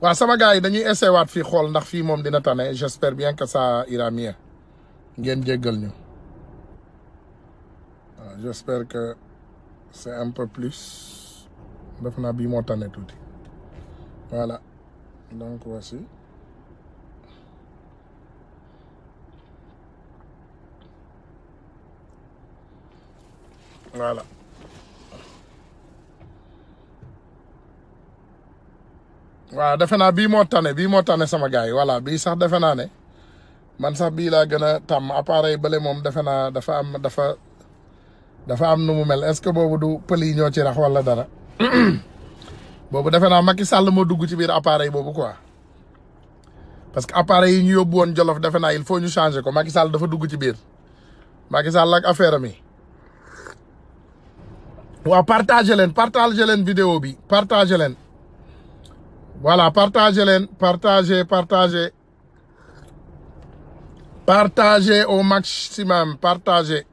waaw sama gars yi dañuy essayé waat fii xool ndax fii moom dina tane j'espère bien que ça ira ngeen jéggal ñu waaw j'espère que c'est un peu plus def naa bii moo tane tuuti voilà donc voici voilà waaw defe naa bii moo tane bii moo tane sama gars yi voilà bii sax defe naa ne man sax bii laa gën a tàmm appareil bële moom defe naa dafa am dafa dafa am nu mu mel est-ce que boobu du pël ñoo ci rax wala dara boobu defe naa Macky Sall moo dugg ci biir appareil boobu quoi parce que appareil yi ñu yóbbu woon Jolof defe naa il faut ñu changer ko Macky Sall dafa dugg ci biir Macky Sall ak affaire mi waa partager leen partager leen vidéo bi partager leen. voilà partagez leen partagez partagez partagez au maximum partagez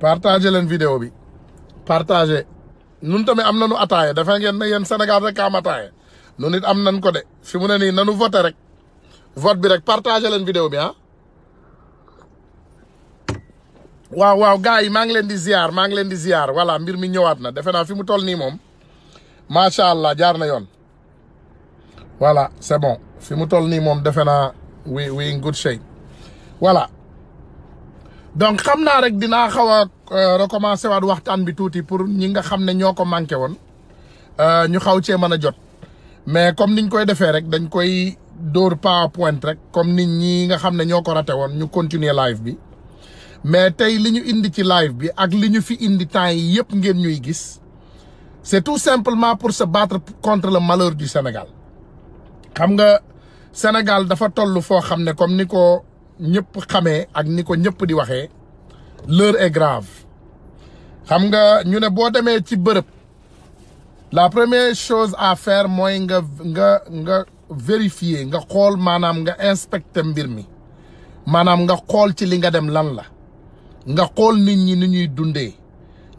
partagez leen vidéo bi partagez nun tamit am nañu ataaya dafa ngeen ne yen senegal rek am ataaya nun it am nañ ko de fi mu ne nii nanu voté rek vot bi rek partagez leen vidéo bi ah waaw waaw gars yi maa ngi leen di ziar maa ngi leen di ziar voilà mbir mi ñëwaat na defe naa fi mu toll nii moom macha allah jaar na yoon voilà sebon bon fi mu toll nii moom defe naa we we in good shape voilà donc xam naa rek dinaa xaw a euh, recommencer waat waxtaan bi tuuti pour ñi nga xam ne ñoo ko manqué woon euh, ñu xaw cee mën a jot mais comme niñ koy defee rek dañ koy dóor pa PowerPoint rek comme nit ñi nga xam ne ñoo ko rate woon ñu continuer live bi mais tey li ñu indi ci live bi ak li ñu fi indi temps yi yëpp ngeen ñuy gis c'est tout simplement pour sa battre contre le malheur du Sénégal xam nga Sénégal dafa toll foo xam ne comme ni ko ñëpp xamee ak ni ko ñëpp di waxee l'heure est grave xam nga ñu ne boo demee ci bërëb la premier chose à faire mooy nga nga nga vérifier nga xool maanaam nga inspecter mbir mi maanaam nga xool ci li nga dem lan la nga xool nit ñi ni ñuy dundee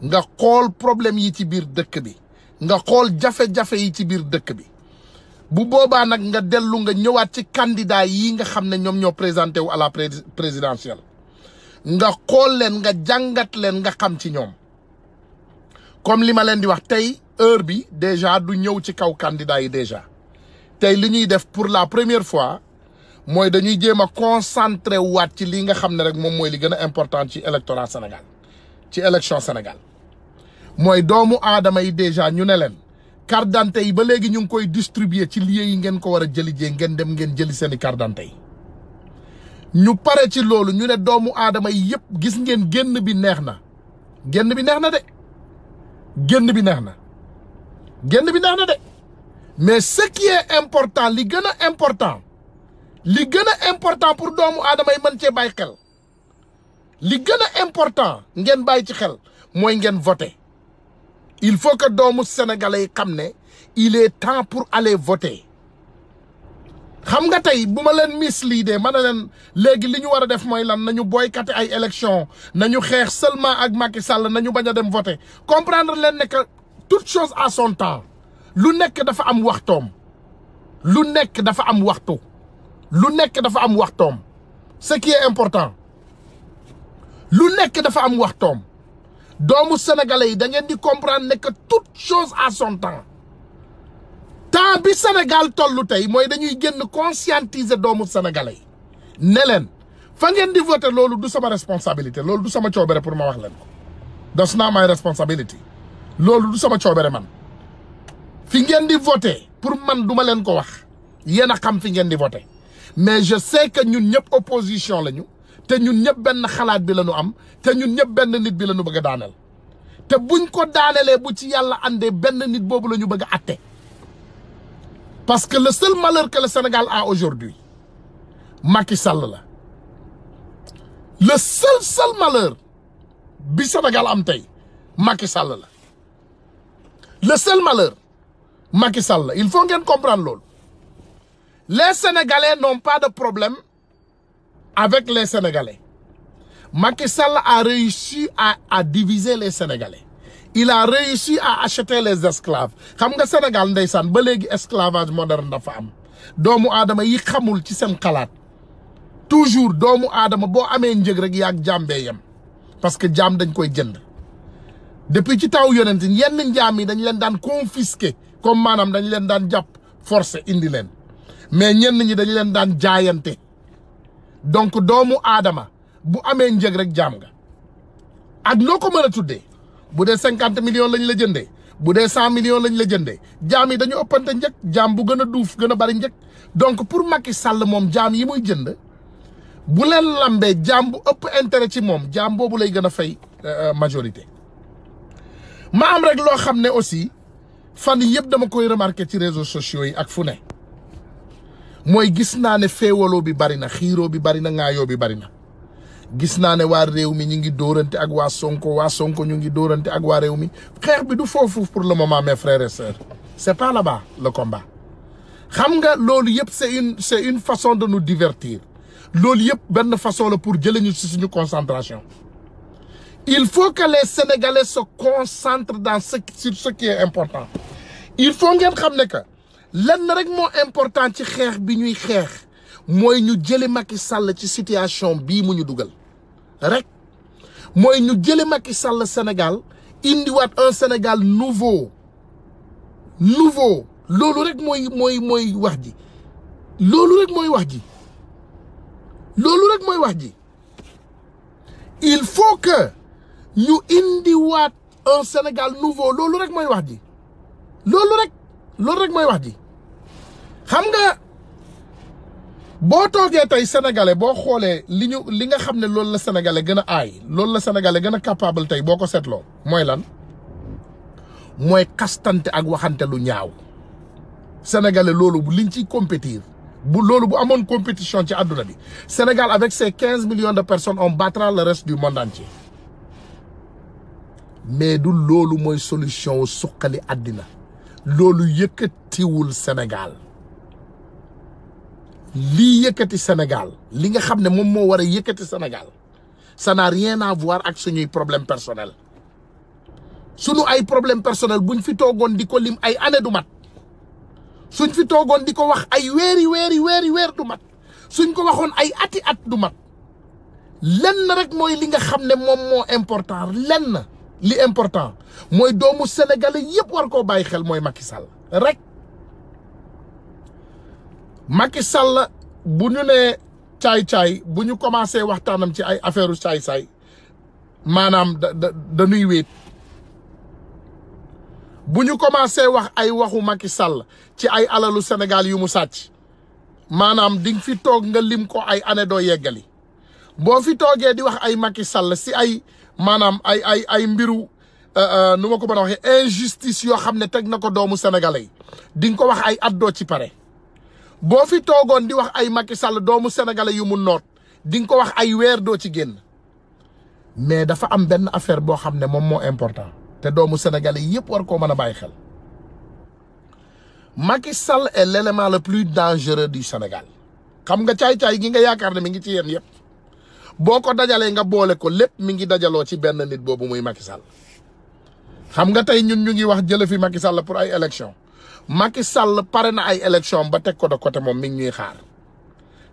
nga xool problème yi ci biir dëkk bi nga xool jafe-jafe yi ci biir dëkk bi bu boobaa nag nga dellu nga ñëwaat ci candidat yi nga xam ne ñoom ñoo présenté wu à la présidentielle nga xool leen nga jàngat leen nga xam ci ñoom comme li ma leen di wax tey heure bi déjà du ñëw ci kaw candidat yi déjà tey li ñuy def pour la première fois mooy dañuy jéem a concentré waat ci li nga xam ne rek moom mooy li gën a important ci électorat Sénégal ci élection Sénégal mooy doomu aadama yi déjà ñu ne leen carte d'identité yi ba léegi ñu ngi koy distribuer ci lieu yi ngeen ko war a jëli jee ngeen dem ngeen jëli seeni carte d'identité yi ñu pare ci loolu ñu ne doomu aadama yi yëpp gis ngeen génn bi neex na génn bi neex na de bi neex na génn bi neex mais ce qui important li gën a important li gën a important pour doomu aadama yi mën cee bàyyi xel li gën a important ngeen bàyyi ci xel mooy ngeen voté il faut que doomu sénégalais yi xam ne il est temps pour aller voter xam nga tey bu ma leen misleader ma ne leen léegi li ñu war a def mooy lan na nañu boycotté ay élection nañu xeex seulement ak Macky Sall nañu bañ a dem voter comprendre leen ne que toute chose à son temps lu nekk dafa am waxtoom lu nekk dafa am waxtu lu nekk dafa am waxtoom ce qui est important lu nekk dafa am waxtoom doomu sénégalais yi dangeen di comprendre ne que toute chose à son temps temps bi Sénégal tollu tey mooy dañuy génn conscientiser doomu sénégalais yi ne leen fa ngeen di voter loolu du sama responsabilité loolu du sama coobere pour ma wax leen ko that's not my responsibility loolu du sama coobere man fi ngeen di voter pour man duma leen ko wax yéen xam fi ngeen di voter mais je sais que ñun ñëpp opposition lañu te ñun ñëpp benn xalaat bi lañu am te ñun ñëpp benn nit bi lañu bëgg a daaneel te buñ ko daanelee bu ci yàlla àndee benn nit boobu la ñu bëgg a parce que le seul malheur que le Sénégal a aujourd'hui Macky Sall la le seul bi Sénégal am tey Macky Sall la le seul malheur Macky Sall il faut ngeen comprendre loolu les Sénégalais n'ont pas de problème avec les Sénégalais Macky Sall a réussi à à diviser les Sénégalais il a réussi à acheter les esclaves xam nga Sénégal ndeysaan ba léegi esclavage moderne dafa am doomu aadama yi xamul ci seen xalaat toujours doomu aadama boo amee njëg rek yaag jàmbee yem parce que jaam dañ koy jënd depuis ci taw yonent yenn njaam yi dañ leen daan confisquer comme maanaam dañ leen daan jàpp forcé indi leen mais ñenn ñi dañ leen daan jaayante donc doomu aadama bu amee njëg rek jaam nga ak noo ko mën a tuddee bu dee cinquante millions lañ la jëndee bu dee cent millions lañ la jëndee jaam yi dañu ëppante njëg jaam bu gën a duuf gën a bari njëg donc pour Macky sàll moom jaam yi muy jënd bu leen lambee jaam bu ëpp intérêt ci moom jaam boobu lay gën a fay euh, euh, majorité. ma am rek loo xam ne aussi fan yëpp dama koy remarqué ci réseaux sociaux yi ak fu ne mooy gis naa ne féewaloo bi bari na xiiroo bi bari na ŋaayoo bi bari na. gis naa ne waa réew mi ñu ngi dóorante ak waa Sonko waa Sonko ñu ngi dóorante ak waa réew mi xeex bi du foofu pour le moment mes frères et sœurs c'est pas là-bas le xam nga loolu yëpp c'est une c'est une façon de nous divertir loolu yëpp benn façon la pour jëlee ñu si suñu concentration il faut que les Sénégalais se concentrent dans ce sur ce e est important il faut ngeen xam ne que lenn rek moo important ci xeex bi ñuy xeex mooy ñu jële Macky Sall ci situation bii mu ñu dugal rek mooy ñu jële Macky Sall Sénégal indiwaat un Sénégal nouveau nouveau loolu rek mooy mooy mooy wax ji loolu rek mooy wax ji loolu rek mooy wax ji il faut que ñu indiwaat un Sénégal nouveau loolu rek mooy wax ji loolu rek loolu rek mooy wax ji xam nga boo toogee tey sénégalais boo xoolee li ñu li nga xam ne loolu la sénégalais gën a aay loolu la sénégalais gën a capable tey boo ko seetloo mooy lan mooy kastante ak waxante lu ñaaw sénégalais loolu liñ ciy compétir bu loolu bu amoon compétition ci àdduna bi Sénégal avec ses quinze millions de personnes on battra le reste du monde entier mais du loolu mooy solution suqali àddina loolu yëkkatiwul Sénégal lii yëkkati Sénégal li nga xam ne moom moo war a yëkkati Sénégal ça n'a rien à ak suñuy problème personnel suñu ay problème personnel buñ fi toogoon di ko lim ay année du mat suñ fi toogoon di ko wax ay weeri weeri weeri weer du mat suñ ko waxoon ay ati at du mat lenn rek mooy li nga xam ne moom moo important lenn li important mooy doomu sénégalais yëpp war koo bàyyi xel mooy Macky Sall rek Macky Sall bu ñu nee caay-caay bu ñu commencé waxtaanam ci ay affaire caay saay maanaam da da dañuy wéet bu ñu commencé wax ay waxu Macky Sall ci ay alalu Sénégal yu mu sàcc maanaam di fi toog nga lim ko ay année doo yeggali boo fi toogee di wax ay Macky Sall si ay maanaam ay ay ay mbiru euh, euh, nu ma ko ba a waxee injustice yoo xam ne teg na ko doomu sénégalais di nga ko wax ay at doo ci pare. boo fi toogoon di wax ay Macky Sall doomu sénégalais yu mu noot di nga ko wax ay weer doo ci génn mais dafa am benn affaire boo xam ne moom moo important te doomu sénégalais yëpp war koo mën a bàyyi xel Macky Sall est l'élément le plus dangereux du Sénégal xam nga caay-caay gi nga yaakaar ne mi ngi ci yéen yëpp boo ko dajalee nga boole ko lépp mi ngi dajaloo ci benn nit boobu muy Macky Sall xam nga tey ñun ñu ngi wax jële fi Macky Sall pour ay élection Macky Sall pare na ay élection ba teg ko de côté moom mi ngi ñuy xaar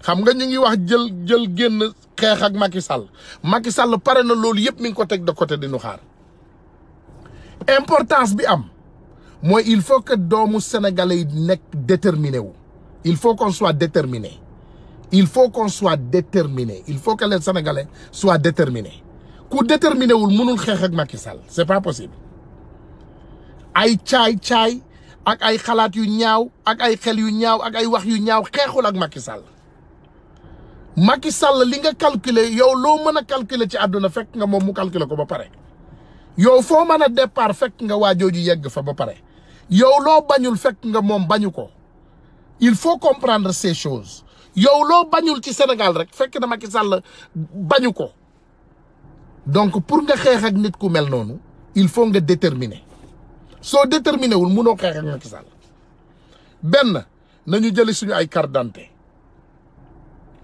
xam nga ñu ngi wax jël jël génn xeex ak Macky Sall Macky Sall pare na loolu yëpp mi ngi ko teg de côté di ñu xaar importance bi am mooy il faut que doomu sénégalais yi nekk déterminé wu il faut qu'on soit déterminé il faut qu'on soit déterminé il faut que les sénégalais soi déterminés ku déterminé wul mënul xeex ak Macky Sall c'est pas possible ay caay caay. ak ay xalaat yu ñaaw ak ay xel yu ñaaw ak ay wax yu ñaaw xeexul ak Macky Sall Macky Sall li nga calculer yow loo mën a calculer ci àdduna fekk nga moom mu calculer ko ba pare yow foo mën a départ fekk nga waa jooju yegg fa ba pare yow loo bañul fekk nga moom bañu ko il faut comprendre se chose yow loo bañul ci Sénégal rek fekk na Macky Sall bañu ko donc pour nga xeex ak nit ku mel noonu il faut nga déterminer soo déterminé wul munoo xeex ak Macky Sall benn nañu jëli suñu ay carte d'identité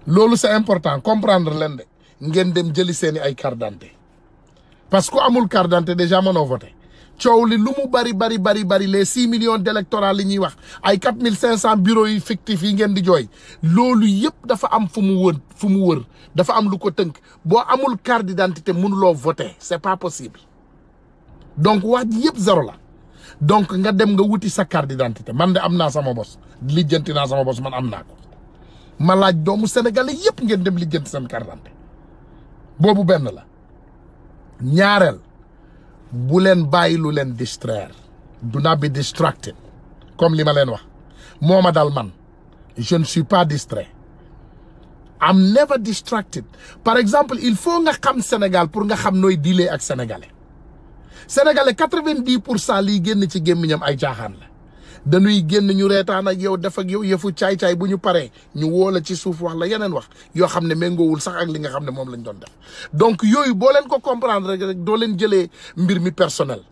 loolu c'est important comprendre leen de ngeen dem jëli seeni ay carte d'identité parce que amul carte d'identité déjà mënoo voté coow li lu mu bari bari bari bari les six millions d'électorats li ñuy wax ay quatre mille cinq cent bureaux yi fictifs yi ngeen di jooy loolu yëpp dafa am fu mu wër fu mu wër dafa am lu ko tënk boo amul carte d'identité mënuloo voté c'est pas possible donc wax ji yëpp zéro la donc nga dem nga wuti sa carte man de am naa sama bos lijjanti naa sama bos man am naa ko ma laaj doomu sénégalais yëpp ngeen dem lijjanti seen carte d'identité boobu benn la ñaareel bu leen bàyyi lu leen distraire do not be distracted comme li ma leen wax moo ma dal man je ne suis am distrait I'm par exemple il faut nga xam Sénégal pour nga xam nooy dealer ak sénégalais sénégalais quatre vingt pour cent liy génn ci gémmiñam ay jaaxaan la dañuy génn ñu reetaan ak yow def ak yow yëfu caay-caay bu ñu paree ñu woo ci suuf wax la yeneen wax yoo xam ne méngoowul sax ak li nga xam ne moom lañ doon def donc yooyu boo leen ko comprendre rek rek doo leen jëlee mbir mi personnel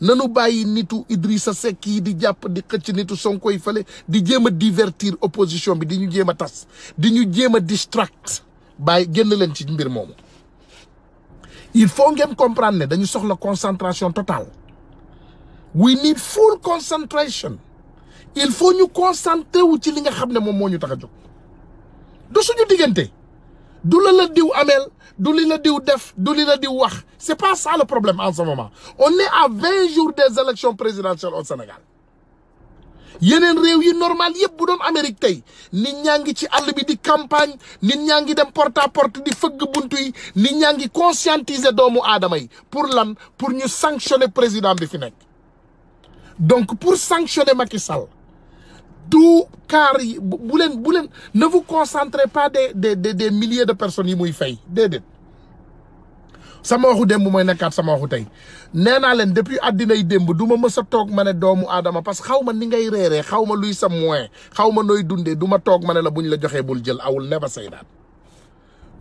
nanu bàyyi nitu Idrissa Seck yi di jàpp di xëcc nitu Sonko yi fële di jéem a divertir opposition bi di ñu jéem a tas di ñu jéem a distract bàyyi génn leen ci mbir moomu il faut ngeen comprendre ne dañu soxla concentration totale we need full concentration il faut ñu concentré wu ci li nga xam ne moom moo ñu tax a jóg du suñu diggante du la la diw ameel du li la diw def du li la diw wax c'est pas ça le problème en ce moment on est à vingt jours des élections présidentielles au Sénégal yeneen réew yi normal yëpp bu doon Amérique tey nit ñaa ngi ci àll bi di campagne nit ñaa ngi dem porte porte di fëgg buntu yi nit ñaa ngi conscientiser doomu aadama yi pour lan pour ñu sanctionner président bi fi nekk. donc pour sanctionner Macky Sall du kaar yi bu leen bu leen ne vous concentrez pas des des des milliers de personnes yi muy fay déedéet. sama waxu démb mooy nekkaat sama waxu tey nee naa leen depuis addinay démb du ma mës a toog ma ne doomu aadama parce que xaw ma ni ngay reeree xaw ma luy sa moyen xaw ma nooy dundee duma toog ma ne la bu ñu la joxee bul jël awul never say that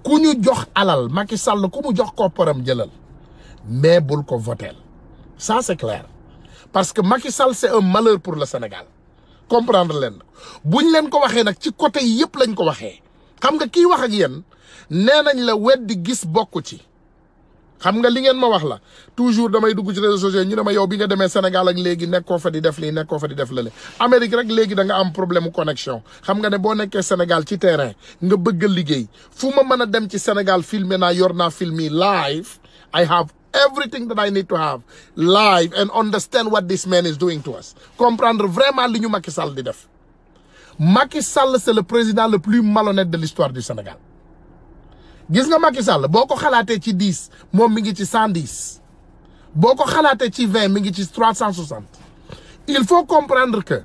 ku ñu jox alal Macky Sall ku mu jox kopparam jëlal mais bul ko voteel ça c'est clair parce que Macky Sall c'est un malheur pour la Sénégal comprendre leen bu ñu leen ko waxee nag ci côté yëpp lañ ko waxee xam nga kiy wax ak yéen nee nañ la weddi gis bokku ci xam nga li ngeen ma wax la toujours damay dugg ci réseaux sociaux ñu ne ma yow bi nga demee Sénégal ak léegi nekkoo fa di def lii nekkoo fa di def lële Amérique rek léegi da nga am problème connexion xam nga ne boo nekkee Sénégal ci terrain nga bëgg liggéey fu ma mën a dem ci Sénégal filmer na yor naa film yi live I have everything that I need to have live and understand what this man is doing to us comprendre vraiment li ñu Macky Sall di def Macky Sall c'est le président le plus malhonnête de l'histoire du gis nga Macky Sall boo ko xalaatee ci dix moom mi ngi ci cent dix boo ko xalaatee ci vingt mi ngi ci trois cent soixante il faut comprendre que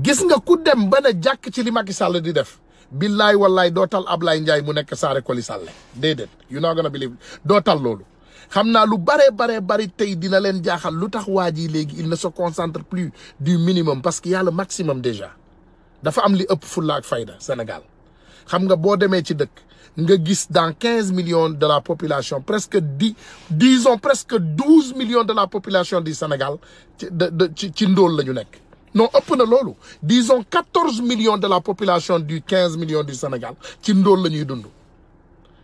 gis nga ku dem ba na jàkk ci li Macky Sall di def billaay wallaay doo tal Ablaye Ndiaye mu nekk Saare Koli Sall déedéet you not gonna believe doo tal loolu xam naa lu bare baree bari tey dina leen jaaxal lu tax waa ji léegi il ne se concentre plus du minimum parce qu'il y a le maximum déjà dafa am li ëpp fulla fayda Sénégal xam nga boo demee ci dëkk nga gis dans quinze millions de la population presque dix disons presque douze millions de la population du Sénégal ci ci ci ndóol la ñu nekk non ëpp na loolu disons quatorze millions de la population du quinze millions du Sénégal ci ndóol la ñuy dund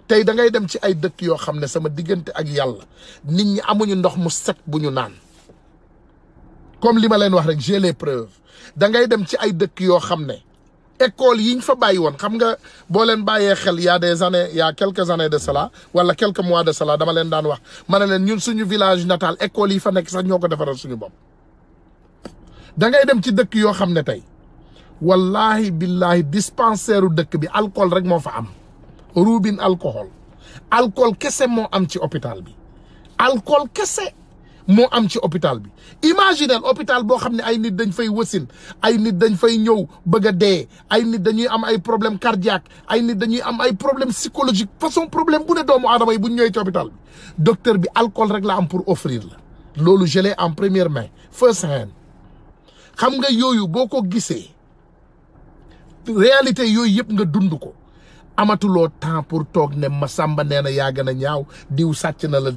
tey da ngay dem ci ay dëkk yoo xam ne sama diggante ak yàlla nit ñi amuñu ndox mu set bu ñu naan comme li ma leen wax rek j'ai les preuves da ngay dem ci ay dëkk yoo xam ne école yi ñu fa bàyyi woon xam nga boo leen bàyyee xel y a des années y a quelques de cela wala quelques mois de cela dama leen daan wax ma ne leen ñun suñu village natal école yi fa nekk sa ñoo ko defaral suñu bopp. da ngay dem ci dëkk yoo xam ne tey wallahi billahi dispensaire dëkk bi alcool rek moo fa am roubine alcool alcool kese moo am ci hôpital bi alcool kese. moo am ci hôpital bi imaginel hôpital boo xam ne ay nit dañ fay wasin ay nit dañ fay ñëw bëgg a dee ay nit dañuy am ay problème cardiaque ay nit dañuy am ay problème psychologique façon problème bu ne doomu aadama yi bu ñu ñëwee ci hôpital bi docteur bi alcool rek la am pour offrir la loolu je l'ai en première main first hand xam nga yooyu boo ko gisee réalité yooyu yëpp nga dund ko amatuloo temps pour toog ne ma sàmba nee na yaa gën ñaaw diw sàcc na la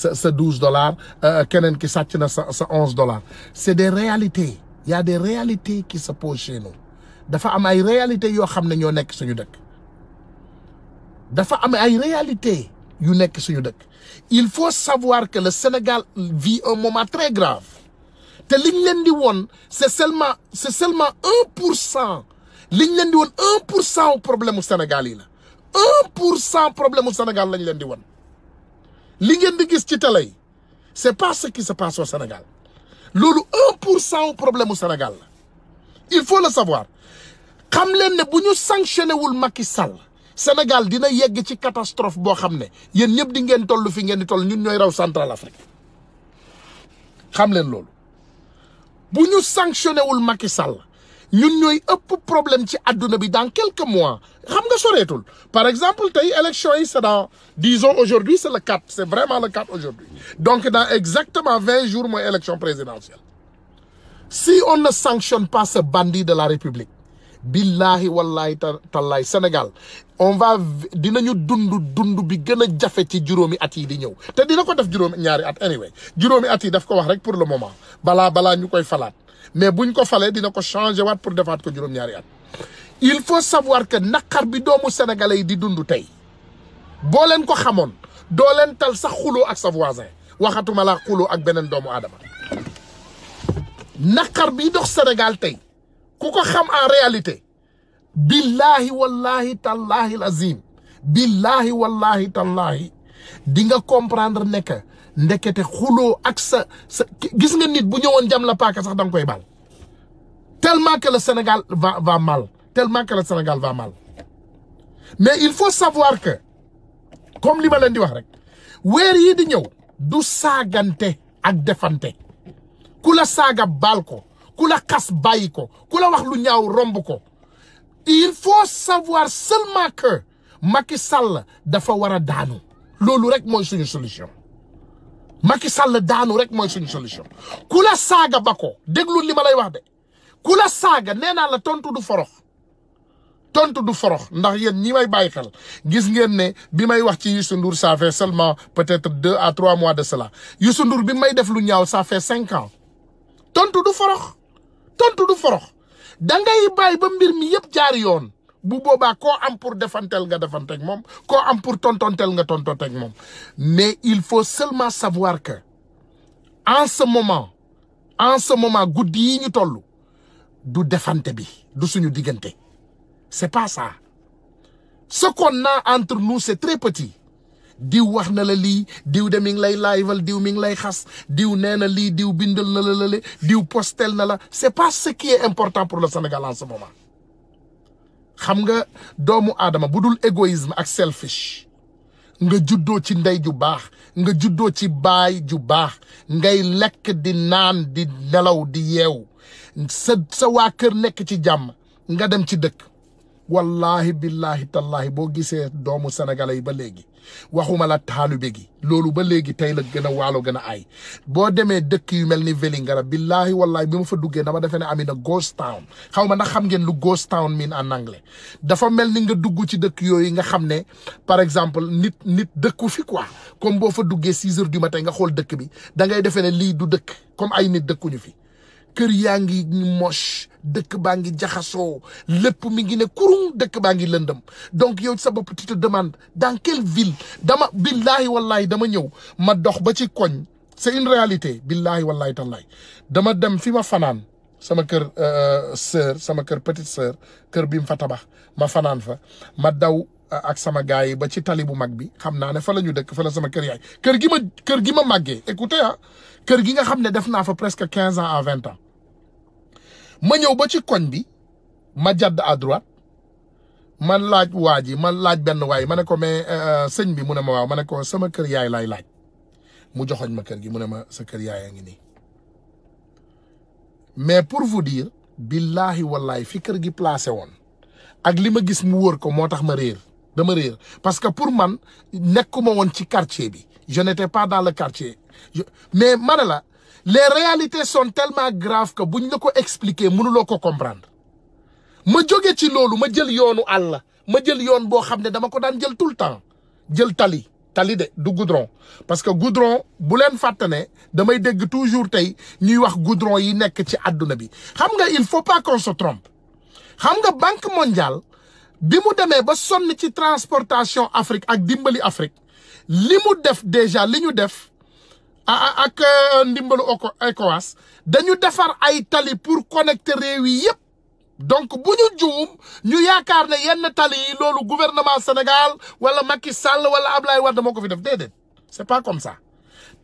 sa sa douze dollars euh, keneen ki sàcc na sa sa onze dollars c'est des réalités y a des réalités qui se posent chez dafa am ay réalités yoo xam ne ñoo nekk suñu dëkk dafa am ay réalités yu nekk suñu dëkk il faut savoir que le Sénégal vit un moment très grave te lim leen di woon c'est seulement c'est seulement un pour cent liñ leen di woon un pour cent wu problème mu Sénégal yi la un pour cent problème mu senegal lañ leen di woon li ngeen di gis ci télé yi c'est pas ce qui se passe au Sénégal loolu un pour cent wu problème mu senegal la il faut le savoir xam leen ne bu ñu sanctionné wul Macky Sall Sénégal dina yegg ci catastrophe boo xam ne yéen ñëpp di ngeen toll fi ngeen di toll ñun ñooy raw Central Afrique xam leen loolu bu ñu sanctionné wul Macky Sall ñun ñooy ëpp problème ci àdduna bi dans quelques mois xam nga soreetul par exemple tey élection yi c'est dans disons aujourd'hui c'est le 4 c'est vraiment le 4 aujourd'hui donc dans exactement vingt jours mooy élection présidentielle si on ne sanctionne pas ce bandit de la République billahi wallahi tallaay Sénégal on va dinañu dund dundu bi gën a jafe ci juróomi at yi di ñëw te dina ko def juróomi ñaari at anyway juróomi at yi daf ko wax rek pour le moment balaa balaa ñu koy falaat mais buñ ko falee dina ko changé waat pour defaat ko juróom-ñaari at il faut savoir que naqar bi doomu sénégalais yi di dundu tey boo leen ko xamoon doo leen tal sax xuloo ak sa voisin waxatuma laa xuloo ak beneen doomu aadama naqar bi dox Sénégal tey ku ko xam en réalité billahi wallahi tallahi lazim billahi wallahi tallahi di nga comprendre ne ndekete xuloo ak sa sa gis nga nit bu ñëwoon jam la paaka sax da koy baal tellement que le Sénégal va va mal tellement que le Sénégal va mal mais il faut savoir que comme li ma leen di wax rek weer yi di ñëw du saagante ak defante ku la saaga baal ko ku la xas bàyyi ko ku la wax lu ñaaw romb ko il faut savoir seulement que Macky Sall dafa war a daanu loolu rek mooy suñu solution Macky Sall daanu rek mooy suñu solution ku la saaga ba ko déglu li ma lay wax de ku la saaga nee naa la tontu du forox tontu du forox ndax yéen ñi may bàyyi xel gis ngeen ne bi may wax ci Youssou Ndour ça fait seulement peut-être deux à trois mois de cela Youssou Ndour bi may def lu ñaaw ça fait tontu du forox tontu du forox da ngay bàyyi ba mbir mi yëpp jaar yoon bu boobaa koo am pour defantel nga defanteeg moom koo am pour tontontel nga tontonteeg moom mais il faut seulement savoir que en ce moment en ce moment guddi yi ñu toll du defante bi du suñu diggante c'est pas ça ce qu'on a entre nous c'est très petit diw wax na la lii diw de mi ngi lay laayval diw mi ngi lay xas diw nee na lii diw bindal na la lale diw postel na la c'est pas ce qui est important pour le Sénégal en ce moment xam nga doomu aadama bu dul égoïsme ak selfish nga juddoo ci ndey ju baax nga juddoo ci baay ju baax ngay lekk di naan di nelaw di yeew sa sa waa kër nekk ci jàmm nga dem ci dëkk wallahi billahi tallahi boo gisee doomu sénégalais yi ba léegi waxuma la taalibe gi loolu ba léegi tey la gën a waalo gën a aay boo demee dëkk yu mel ni Vélingara billahi wallahi bi ma fa duggee dama defee ne amina ghost town xaw ma ndax xam ngeen lu ghost town mean en anglais dafa mel ni nga dugg ci dëkk yooyu nga xam ne par exemple nit nit dëkku fi quoi comme boo fa duggee six heures du matin nga xool dëkk bi dangay ngay defee ne lii du dëkk comme ay nit dëkkuñu fi. kër yaa ngi moche dëkk baa ngi jaxasoo lépp mi ngi ne dëkk baa ngi lëndëm donc yow sa bopp tu te demandes dans quelle ville dama billahi wallahi dama ñëw ma dox ba ci koñ c'est une réalité billahi wallahi tallahi dama dem fi ma fanaan sama kër euh, sœur sama kër petite sœur kër bi mu fa tabax ma fanaan fa ma daw euh, ak sama gars yi ba ci tali bu mag bi xam naa ne fa la ñu dëkk fa sama kër yaay kër gi ma kër gi ma màggee écoutez ah kër gi nga xam ne def naa fa presque quinze ans à vingt ma ñëw ba ci koñ bi ma jàdd à man laaj waa ji man laaj benn waay ma ne ko mais euh, euh, sëñ bi mu ne ma waaw ma ne ko sama kër yaay lay laaj mu joxoñ ma kër gi mu ne ma sa kër yaay a ngi nii mais pour vous dire billaahi wallaahi fi kër gi placé woon ak li ma gis mu wóor ko moo tax ma réer dama réer parce que pour man nekkuma woon ci quartier bi je n'étais pas dans le quartier mais ma ne les réalités sont tellement graves bu buñ la ko expliquer mënuloo ko comprendre ma jóge ci loolu ma jël yoonu àll ma jël yoon boo xam ne dama ko daan jël tout le temps jël tali tali de du goudron parce que goudron bu leen fàtte damay dégg toujours tey ñuy wax goudron yi nekk ci àdduna bi xam nga il faut pas qu'on se xam nga banque mondiale bi mu demee ba sonn ci transportation Afrique ak dimbali Afrique li mu def déjà li ñu def ak euh, ndimbalu oko ECOWAS dañu defar ay tali pour connecter réew yi yëpp donc bu ñu juum ñu yaakaar ne yenn tali yi loolu gouvernement Sénégal wala Macky Sall wala war da moo ko fi def déedéet c'est pas comme ça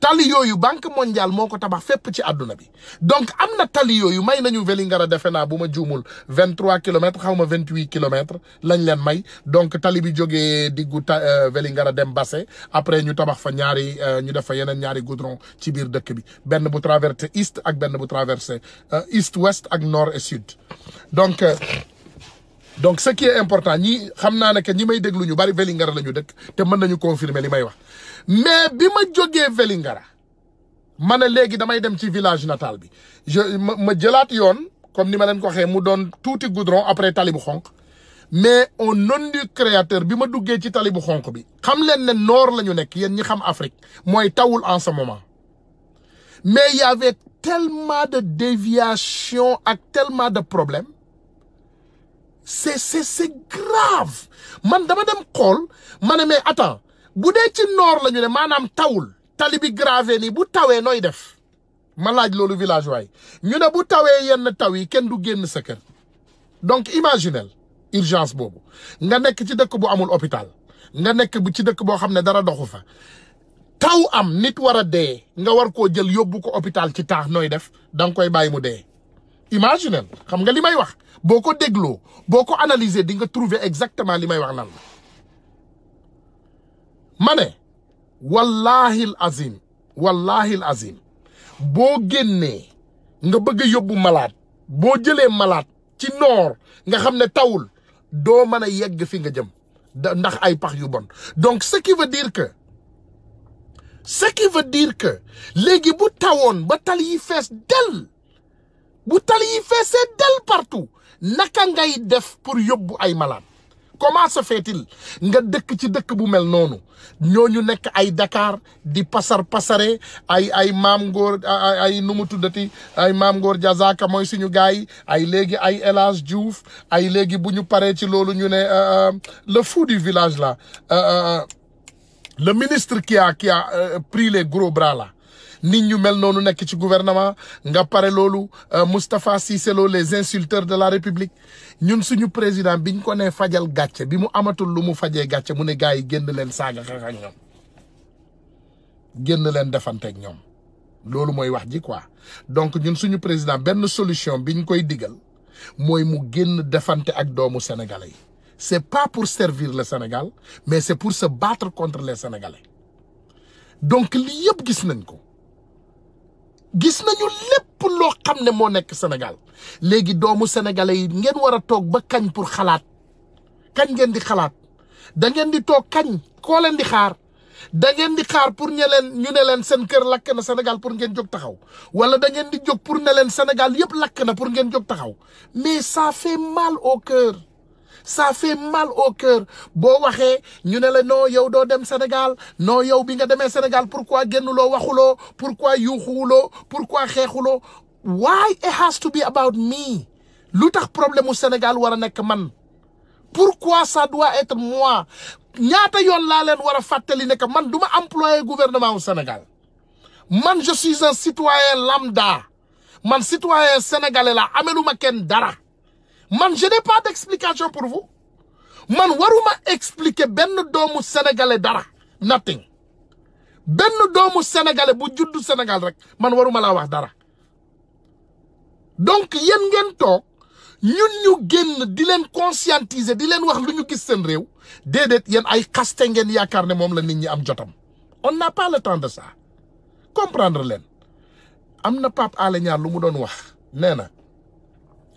tali yooyu banque mondiale moo ko tabax fépp ci adduna bi donc am na tali yooyu may nañu Vélingara defe naa bu ma juumul vingt trois kilomètres xaw ma vingt huit kilomètres lañ leen may donc tali bi jógee diggu ta euh, Vélingara dem Basse après ñu tabax fa ñaari euh, ñu def fa yeneen ñaari goudron ci biir dëkk bi benn bu traversé est ak benn bu traverse est euh, ouest ak nord et sud donc donc ce qui est important ñi xam naa ne que ñi may déglu ñu bari Vélingara la ñu dëkk mën nañu confirmer li may wax mais bi ma jógee Vélingara ma ne léegi damay dem ci village nataal bi ma ma jëlaat yoon comme ni ma leen ko waxee mu doon tuuti goudron après tali bu xonq mais au nom du créateur bi ma duggee ci tali bu xonq bi xam leen ne noor la ñu nekk yéen ñi xam Afrique mooy tawul en ce mais y avait tellement de déviation ak tellement de problèmes c'est c'est grave man dama dem xool ma ne mais attends bu dee ci noor la ñu ne maanaam tawul tali bi gravé nii bu tawee nooy def ma laaj loolu village waay ñu ne bu tawee yenn taw yi kenn du génn sa kër donc imaginel urgence boobu nga nekk ci dëkk bu amul hôpital nga nekk bu ci dëkk boo xam ne dara doxu fa taw am nit war a dee nga war koo jël yóbbu ko hôpital ci taax nooy def da nga koy bàyyi mu dee imaginel xam nga li may wax boo ko dégloo boo ko analyser di nga trouver exactement li may wax nan la mane ne wallaahil azim wallaahil azim boo génnee nga bëgg a yóbbu malaat boo jëlee malaat ci noor nga xam ne tawul doo mën a yegg fi nga jëm ndax ay pax yu bon donc ce qui veut dire que ce qui veut léegi bu tawoon ba tali yi fees del bu tali yi feesee del partout naka ngay def pour yóbbu ay malaat commence se fait nga dëkk ci dëkk bu mel noonu ñooñu nekk ay dakaar di pasar pasare ay ay maam Ngor ay nu mu tuddati ay maam Ngor Diazaka mooy suñu gars yi ay léegi ay El Hadj ay léegi bu ñu paree ci loolu ñu ne euh, euh, le fou du village là euh, le ministre ki a qui a pris les gros nit ñu mel noonu nekk ci gouvernement nga pare loolu Moustapha Cissé Lo les insulteurs de la République ñun suñu président ñu ko nee fajal gàcce bi mu amatul lu mu fajee gàcce mu ne gars yi génn leen saaga xeex ak ñoom génn leen defante ak ñoom loolu mooy wax ji quoi donc ñun suñu président benn solution biñ koy digal mooy mu génn defante ak doomu sénégalais yi c'est pas pour servir le Sénégal mais c'est pour se battre contre les sénégalais donc lii yëpp gis nañ ko. gis nañu lépp loo xam ne moo nekk senegal léegi doomu sénégalais yi ngeen war a toog ba kañ pour xalaat kañ ngeen di xalaat da ngeen di toog kañ koo leen di xaar da ngeen di xaar pour ñe leen ñu ne leen seen kër lakk na Sénégal pour ngeen jóg taxaw wala da ngeen di jóg pour ne leen Sénégal yëpp lakk na pour ngeen jóg taxaw mais sa fait mal au cœur ça fait mal au cœur boo waxee ñu ne la non yow doo dem Sénégal non yow bi nga demee Sénégal pourquoi génnuloo waxuloo pourquoi yuuxuwuloo pourquoi xeexuloo why it has to be about mi lu tax problème mu Sénégal war a nekk man pourquoi ça doit être moi ñaata yoon laa leen war a fàttali ne que man du ma employé gouvernement wu Sénégal man je suis un citoyen lambda man citoyen sénégalais la ma kenn dara man je n'ai pas d'explication pour man waruma expliquer benn doomu sénégalais dara nothing benn doomu sénégalais bu juddu Sénégal rek man waruma laa wax dara donc yéen ngeen toog ñun ñu génn di leen conscientiser di leen wax lu ñu gis seen réew déedéet yéen ay xaste ngeen yaakaar ne moom la nit ñi am jotam on n'a pas le temps de ça comprendre leen am na Pape Alé Niang lu mu doon wax nee na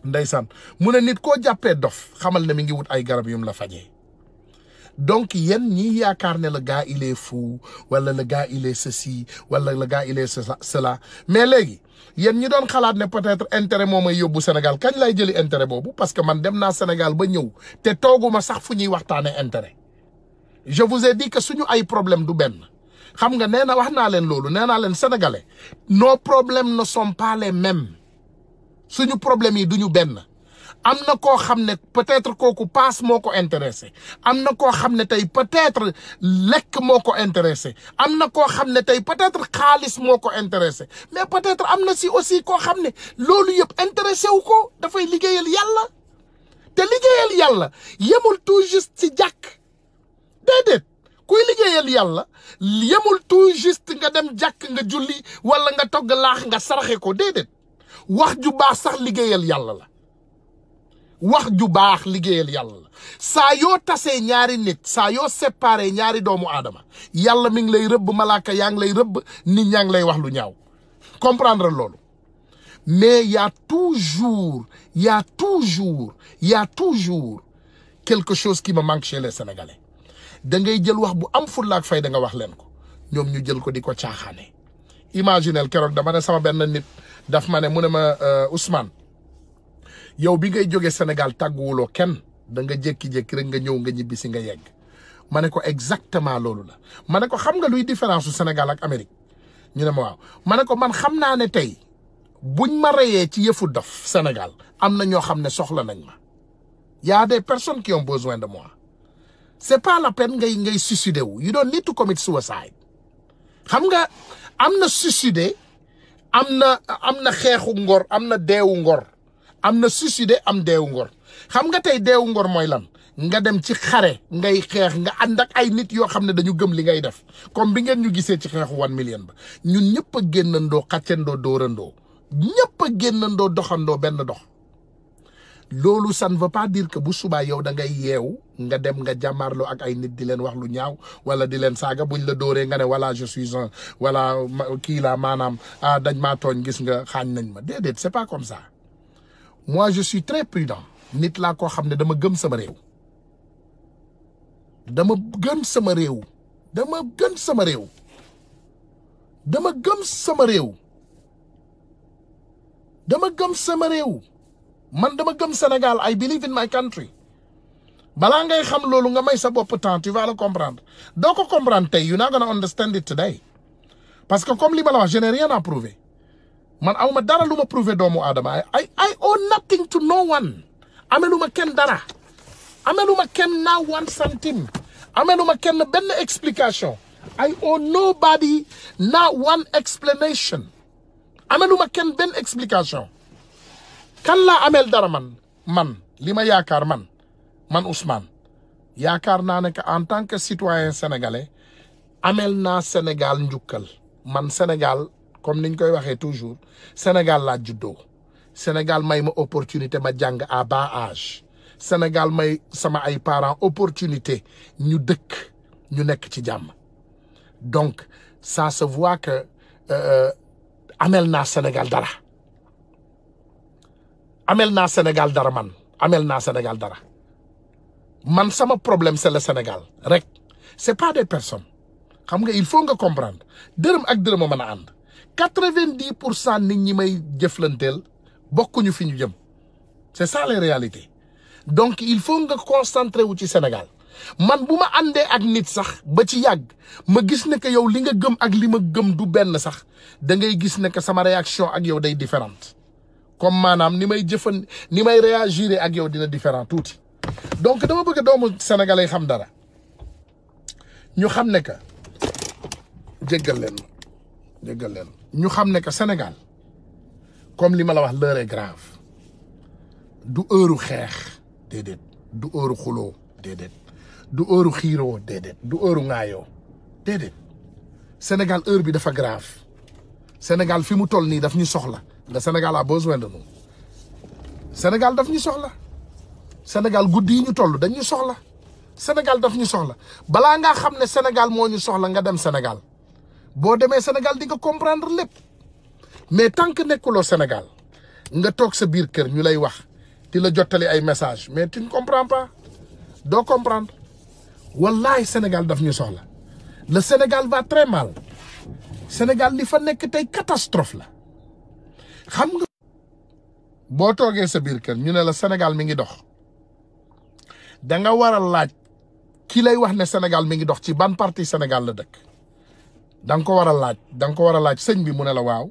ndeysaan mu ne nit koo jàppee dof xamal ne mi ngi wut ay garab yum la fajee donc yéen ñii yaakaar ne la gars il fu fou wala le gars il est ceci wala le gars il est cela mais léegi yéen ñi doon xalaat ne peut-être intérêt moo may yóbbu Sénégal kañ lay jëli intérêt boobu parce que man dem naa Sénégal ba ñëw te tooguma sax fu ñuy waxtaanee intérêt je vous ai suñu ay problème du benn xam nga nee na wax naa leen loolu nee naa leen sénégalais nos problèmes ne sont pas les suñu problème yi duñu benn am na koo xam ne peut-être kooku paas moo ko intéressé am na koo xam ne tey peut-être lekk moo ko intéressé am na koo xam ne tey peut-être xaalis moo ko intéressé mais peut-être am na si aussi koo xam ne loolu yëpp intéressé wu ko dafay liggéeyal yàlla te liggéeyal yàlla yemul tout juste ci jàkk déedéet kuy liggéeyal yàlla yemul tout juste nga dem jàkk nga julli wala nga togg laax nga saraxe ko déedéet wax ju baax sax liggéeyal yàlla la wax ju baax liggéeyal yàlla la saa yoo tasee ñaari nit saa yoo séparé ñaari doomu aadama yàlla mi ngi lay rëbb malaaka yaa ngi lay rëbb nit ñaa ngi lay wax lu ñaaw comprendre loolu mais y a toujours y a toujours y a toujours quelque chose qui me manque chez les da ngay jël wax bu am fulla ak fay danga wax leen ko ñoom ñu jël ko di ko caaxaane imaginel keroog dama ne sama benn nit daf ma ne mu ne ma euh, Ousmane yow bi ngay jógee Sénégal tàgguwuloo kenn da nga jékki-jékki rek nga ñëw nga ñibbi si nga yegg ma ne ko exactement loolu la ma ne ko xam nga luy différence su Sénégal ak Amérique ñu ne ma waaw ma ne ko man xam naa ne tey buñ ma reyee ci yëfu dof Sénégal am na ñoo xam ne soxla nañ ma y des personnes qui ont besoin de moi c'est pas la pen ngay ngay suicider wu you don't need to commit suicide xam nga am na suicider am na am na xeexu ngor am na deewu ngor am na suicide am deewu ngor xam nga tey deewu ngor mooy lan nga dem ci xare ngay xeex nga ànd ak ay nit yoo xam ne dañu gëm li ngay def comme bi ngeen ñu gisee ci xeexu wan million ba ñun ñëpp a génnandoo xàccandoo dóorandoo ñëpp a génnandoo doxandoo benn dox loolu san ne veut pas dire que bu subaa yow da ngay yeewu nga dem nga jàmmaarloo ak ay nit di leen wax lu ñaaw wala di leen saaga buñ la dóoree nga ne walla je suis un voilà kii la maanaam ah dañ maa tooñ gis nga xaañ nañ ma déedéet c'est pas comme ça moi je suis très prudent nit laa koo xam ne dama gëm sama réew dama gëm sama réew dama gëm sama réew dama gëm sama réew dama gëm sama réew man dama gëm Sénégal ay believe in my country balaa ngay xam loolu nga may sa bopp temps tu vas le comprendre doo ko comprendre tey you not gonna understand it today parce que comme li ma la wax je n'ai rien à prouver dara lu ma prouver doomu adama ay I owe nothing to no one amelu ma kenn dara amelu ma kenn naa one centime amelu ma kenn benn explication I owe nobody not one explanation amelu ma kenn benn explication kan laa ameel dara man man li ma yaakaar man man Ousmane yaakaar naa ne que en tant que citoyen sénégalais amel naa Sénégal njukkal man Sénégal comme niñ koy waxee toujours Sénégal laa juddoo Sénégal may ma opportunité ma jàng à bas âge Sénégal may sama ay parents opportunité ñu dëkk ñu nekk ci jàmm donc ça se voit que euh, euh, amel naa Sénégal dara amel naa Sénégal dara man amel naa Sénégal dara man sama problème c'est le Sénégal rek c'est pas des personnes xam nga il faut nga comprendre dërëm ak dërëm a mën a ànd quatre-vingt-dix pour cent nit ñi may jëflanteel bokkuñu fi ñu jëm c'est ça les réalités donc il faut nga concentrer wu ci Sénégal man bu ma àndee ak nit sax ba ci yàgg ma gis ne que yow li nga gëm ak li ma gëm du benn sax da ngay gis ne que sama réaction ak yow day différente comme maanaam ni may jëfan ni may réagir ak yow dina différent tuuti donc dama bëgg doomu sénégalais xam dara ñu xam ne que jéggal leen ma leen ñu xam ne que senegal comme li ma la wax l'heure est grave du heure xeex déedéet du heure xuloo déedéet du heure xiiroo déedéet du heure ŋaayoo déedéet Sénégal heure bi dafa grave senegal fi mu toll nii daf ñu soxla. le Sénégal a besoin de Sénégal daf ñu soxla Sénégal guddi toll dañu soxla Sénégal daf ñu soxla balaa ngaa xam ne Sénégal moo ñu soxla nga dem Sénégal boo demee Sénégal di nga comprendre lépp mais tant que nekkuloo Sénégal nga toog sa biir kër ñu lay wax di la jottali ay message mais tu ne comprends pas doo comprendre wallaay Sénégal daf ñu soxla le Sénégal va très mal Sénégal li fa nekk tey catastrophe la xam nga. boo toogee sa biir kër ñu ne la senegal mi ngi dox danga nga laaj ki lay wax ne Sénégal mi ngi dox ci ban parti senegal la dëkk danga ko war laaj da nga ko war a laaj sëñ bi mu ne la waaw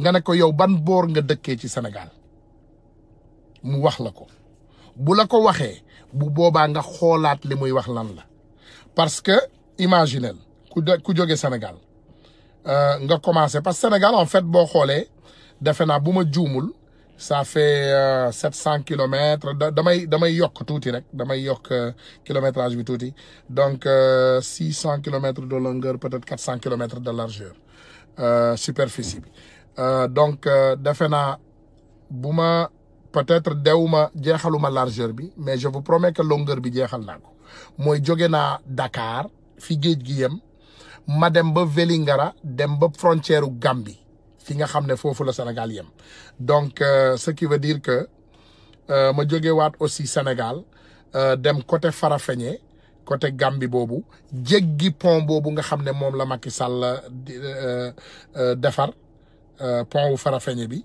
nga ne ko yow ban boor nga dëkkee ci senegal mu wax la ko bu la ko waxee bu boobaa nga xoolaat li muy wax lan la parce que imaginel ku de ku jóge Sénégal euh, nga commencé parce que Sénégal en fait boo xoolee. defe naa bu ma juumul ça fait euh, sept cent kilomètres damay damay yokk tuuti rek damay yokk euh, kilométrage bi tuuti donc euh, six cent kilomètres de longueur peut-être quatre cent kilomètres de largeur superficie bi donc defe naa bu ma peut-être dewuma jeexaluma largeur bi mais je vous promets que longueur bi jeexal naa ko mooy jóge naa dakaar fi géej gi yem ma dem ba Vélingara dem ba frontière u Gambie fi nga xam ne foofu la Sénégal yem donc euh, ce qui veut dire que euh, ma jógewaat aussi Sénégal euh, dem côté Farafeñe côté Gambie boobu jéggi pont boobu nga xam ne moom la Macky Sall defar pont wu Farafeñe bi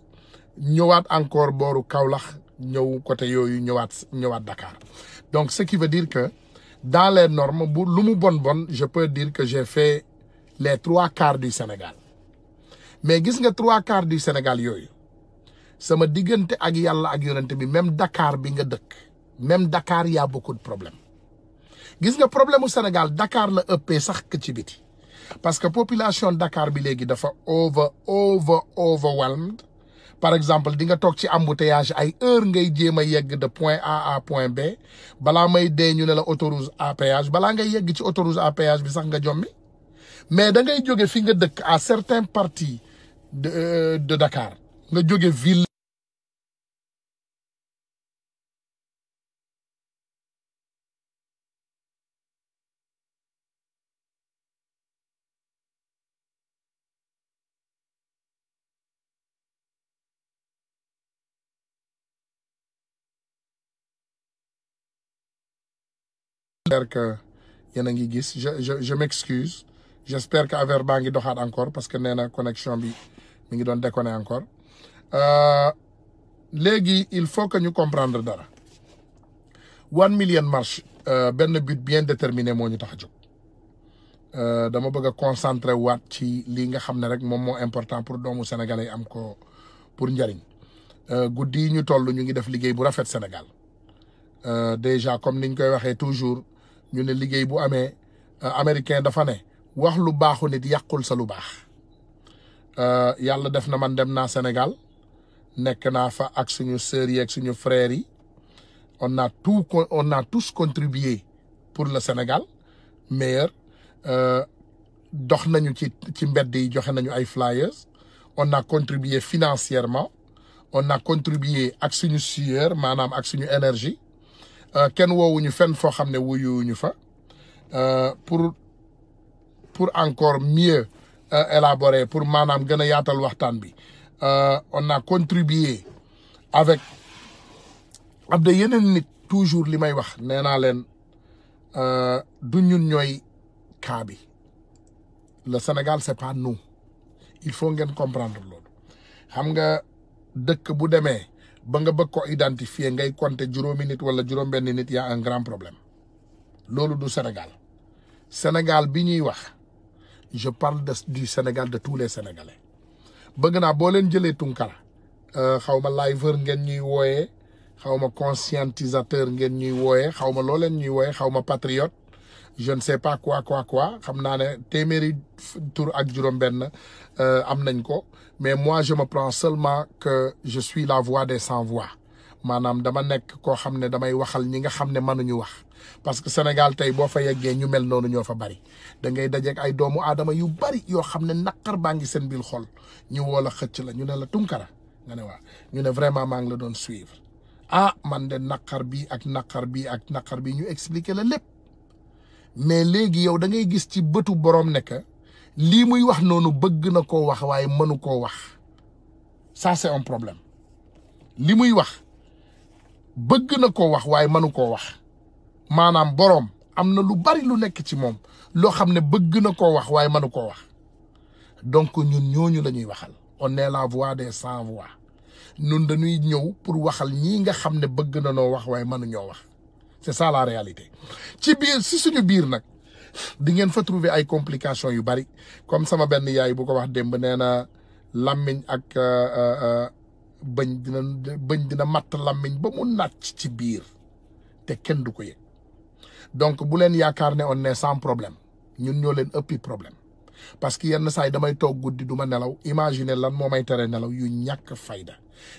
ñëwaat encore booru Kaolack ñëw côté yooyu ñëwaat ñëwaat Dakar donc ce qui veut dire que dans le norme bu lu mu bon bon je peux dire que j'ai fait les trois quarts du Sénégal mais gis nga trois quarts du Sénégal yooyu sama diggante ak yàlla ak yonent bi même dakaar bi nga dëkk même dakaar y a beaucoup gis nga problème mu Sénégal Dakar la ëppee sax ci biti parce que population Dakar bi léegi dafa over over overwhelmed par exemple di nga toog ci embouteillage ay heure ngay jéem ay yegg de point A à point B balaa may dee ñu ne la autoroute à péage balaa ngay yegg ci autoroute à péage bi sax nga jommi mais da ngay jóge fi nga dëkk à certains parties de euh, de Dakar nga jóge ville. j'espère que yéen a ngi gis je je je m'excuse j'espère que affaire baa doxaat encore parce que nee na connexion bi mi ngi doon déconné encore euh, léegi il faut que ñu comprendre dara one million marche euh, benn but bien déterminé moo ñu tax a jóg euh, dama bëgg a concentré waat ci lii nga xam ne rek moom moo important pour doomu sénégalais am ko pour njëriñ guddi ñu toll ñu ngi def liggéey bu rafet Sénégal déjà comme niñ koy waxee toujours ñu ne liggéey bu amee américain dafa ne wax lu baaxu nit yàqul sa lu baax. Euh, yàlla def na man dem naa Sénégal nekk naa fa ak suñu sœurs yi ak suñu frères yi on a tout on a tous contribué pour le Sénégal meilleur euh, dox nañu ci ci mbedd yi joxe nañu ay flyers on a contribué financièrement on a contribué ak suñu sueur maanaam ak suñu énergie euh, kenn woowuñu fenn foo xam ne wuyuwuñu fa pour pour encore mieux Euh, élaboré pour maanaam gën a yaatal waxtaan bi euh, on a contribué avec ab de yeneen nit toujours li may wax nee naa leen euh, du ñun ñooy cas bi le Sénégal c'est pas nous il faut ngeen comprendre loolu xam nga dëkk bu demee ba nga bëgg ko identifier ngay compter juróomi nit wala juróom-benn nit y a un grand problème loolu du Sénégal Sénégal bi ñuy wax. je parle de du Sénégal de tous les Sénégalais bëgg naa boo leen jëlee Tunkara euh, xaw ma liveur ngeen ñuy wooyee xaw ma conscientisateur ngeen ñuy wooyee xaw ma loo leen ñuy wooyee xaw ma patriote je ne sais pas quoi quoi quoi xam naa ne téeméeri tur ak juróom-benn euh, am nañ ko mais moi je me prends seulement que je suis la voix des sans voix maanaam dama nekk koo xam ne damay waxal ñi nga xam ne mënuñu wax parce que Sénégal tey boo fa yeggee ñu mel noonu ñoo fa bari da ngay dajeeg ay doomu aadama yu bari yoo xam ne naqar baa ngi seen biir xol ñu woo xëcc la ñu ne la tunkara nga ne waa ñu ne vraiment maa ngi la doon suivre ah man de naqar bi ak naqar bi ak naqar bi ñu expliquer la lépp mais léegi yow da ngay gis ci bëtu borom nekk lii muy wax noonu bëgg na koo wax waaye mënu koo wax ça c'est un problème li muy wax. bëgg na ko wax waaye mënu koo wax maanaam boroom am na lu bari lu nekk ci moom loo xam ne bëgg na koo wax waaye mënu koo wax donc ñun ñooñu la ñuy waxal on est la voix des sans voix nun dañuy ñëw pour waxal ñii nga xam ne bëgg na noo wax waaye mënuñoo wax c'est ça la réalité ci biir si suñu biir nag di ngeen fa trouver ay complications yu bari comme sama benn yaay bu ko wax démb nee na làmmiñ ak. Euh, euh, bañ dina bañ dina matt làmmiñ ba mu nàcc ci biir te kenn du ko yëg donc bu leen yaakaar ne on est sans problème ñun ñoo leen ëppi problème parce que yenn saa yi damay toog guddi du ma nelaw imaginer lan moo may tere nelaw yu ñàkk fayda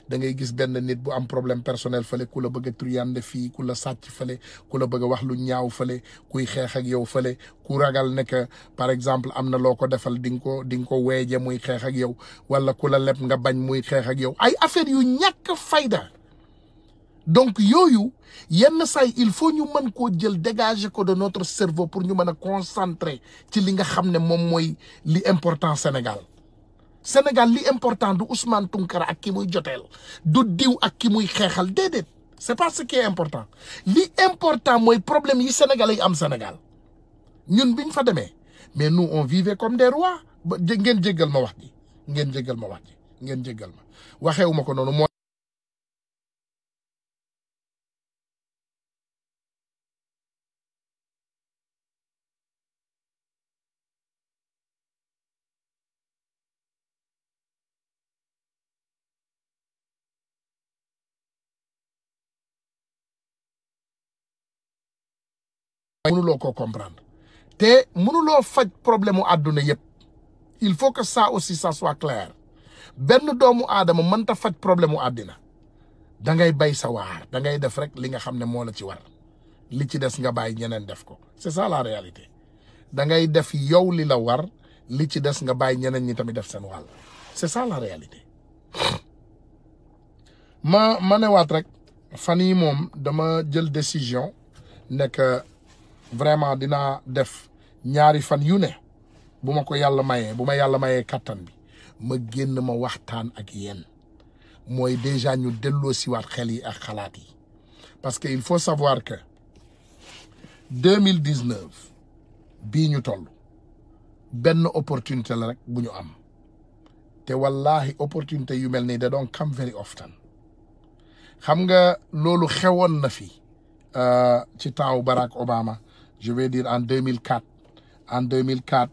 dangay gis benn nit bu am problème personnel fale ku la bëgg a fii ku la sàcc fale ku la bëgg wax lu ñaaw fale kuy xeex ak yow fale ku ragal ne par exemple am na loo ko defal di nga ko di nga ko weeje muy xeex ak yow wala ku la leb nga bañ muy xeex ak yow ay affaire yu ñàkk fayda donc yooyu yenn say il faut ñu mën koo jël dégager ko de notre cerveau pour ñu mën a concentrer ci li nga xam ne moom mooy li important Sénégal Sénégal li important du Ousmane Tounkara ak ki muy joteel du diw ak ki muy xeexal déedéet c'est pas ce qui est important li important mooy problème yi sénégalais yi am Sénégal ñun biñ fa demee mais nu on vivait comme des rois ba ngeen jéggal ma wax ji ngeen jéggal ma wax ji ngeen jéggal ma waxeewu ma ko noonu moo mënuloo koo comprendre te mënuloo faj problème mu àdduna yëpp il faut que ça aussi ça soit benn doomu aadama mënta faj problème mu àddina da ngay bay sa da ngay def rek li nga xam ne moo la ci war li ci des nga bàyyi ñeneen def ko c'est ça la réalité da ngay def yow li la war li ci des nga bàyyi ñeneen ñi tamit def seen wàll c'est ça la ma ma rek fan yi moom dama jël décision nekk vraiment dinaa def ñaari fan yu ne bu ma ko yàlla mayee bu ma yàlla mayee kattan bi ma génn ma waxtaan ak yéen mooy déjà ñu delloo siwaat xel yi ak xalaat yi parce que il faut savoir que deux mille dix neuf bii ñu toll benn opportunité la rek bu ñu am te wallahi opportunité yu mel nii da donc come very often xam nga loolu xewoon na fi euh, ci taaw Barack Obama je vais dire en 2004 en 2004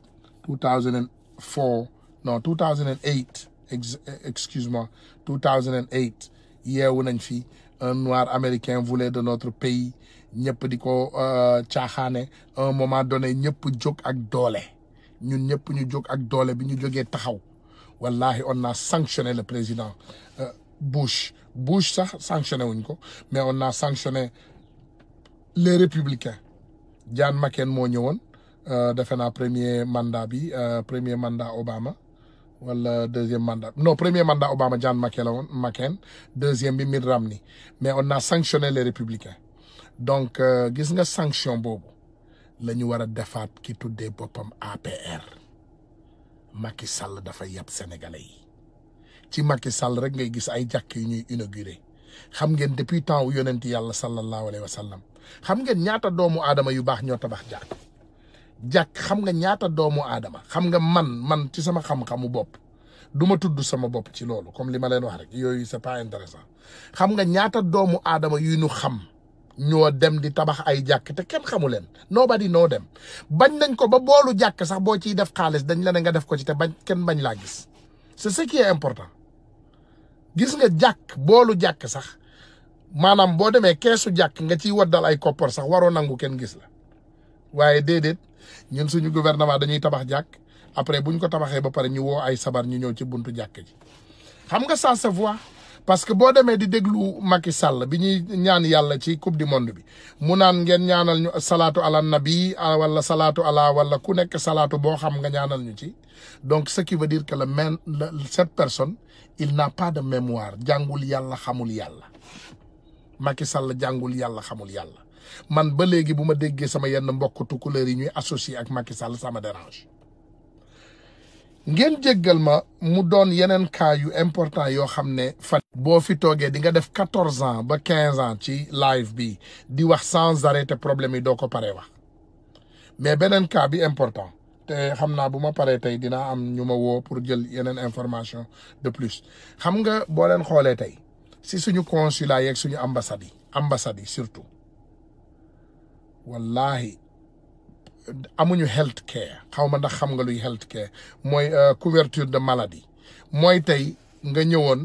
2004 non 2008 ex excuse-moi 2008 yeewu nañ fi un noir américain voulait de notre pays ñëpp di ko euh, caaxaane un moment donné ñëpp jóg ak doole ñun ñëpp ñu jóg ak doole bi ñu jógee taxaw wallahi on a sanctionné le président euh, Bush Bush sax sanctionné wuñ ko mais on a sanctionné les républicains John McCain moo ñëwoon euh, defe naa premier mandat bi euh, premier mandat Obama wala deuxième mandat non premier mandat Obama John McCain la woon McCain deuxième bi Mitt Romney mais on a sanctionné les républicains donc euh, gis nga sanction boobu lañu war a defaat ki tuddee boppam APR Macky Sall dafa yab sénégalais yi ci Macky Sall rek ngay gis ay jàkk yu ñuy inauguré xam ngeen depuis temps wu yonent yàlla sallallahu alayhi wa sallam xam nga ñaata doomu aadama yu baax ñoo tabax jàkk xam nga ñaata doomu aadama xam nga man man ci sama xam-xamu bopp duma tudd sama bopp ci loolu comme li ma leen wax rek yooyu c'est pas intéressant xam nga ñaata doomu aadama yu nu xam ñoo dem di tabax ay jàkk te kenn xamu leen badi noo dem bañ nañ ko ba boolu jàkk sax boo ciy def xaalis dañ la ne nga def ko ci te bañ kenn bañ laa gis c'est ce qui est important gis nga jàkk boolu jàkk sax maanaam boo demee keesu jàkk nga ciy dal ay koppar sax waroo nangu kenn gis la waaye déedéet ñun suñu gouvernement dañuy tabax jàkk après buñ ko tabaxee ba pare ñu woo ay sabar ñu ñëw ci buntu jàkk ji xam nga sa se voit parce que boo demee di déglu Macky sàll bi ñuy ñaan yàlla ci coupe du monde bi mu naan ngeen ñaanal ñu salaatu ala nabi wala salaatu ala wala ku nekk salaatu boo xam nga ñaanal ñu ci donc ce qui veut dire que le même cette personne il n'a pas de mémoire yàlla xamul yàlla Macky Sall jàngul yàlla xamul yàlla man ba léegi bu ma déggee sama yenn mbokk tukkuleer yi ñuy associé ak Macky Sall ça me ngeen jéggal ma mu doon yeneen cas yu important yoo xam ne fan boo fi toogee di nga def quatorze ans ba quinze ans ci live bi di wax sans arrêter problème yi doo ko paree wax mais beneen cas bi important te xam naa bu ma paree tey dinaa am ñu ma woo pour jël yeneen information de plus xam nga boo leen xoolee tey si suñu consulat yeeg suñu ambassade ambasadi ambassade yi surtout wallahi amuñu health care xaw ma ndax xam nga luy health mooy euh, couverture de maladie mooy tey nga ñëwoon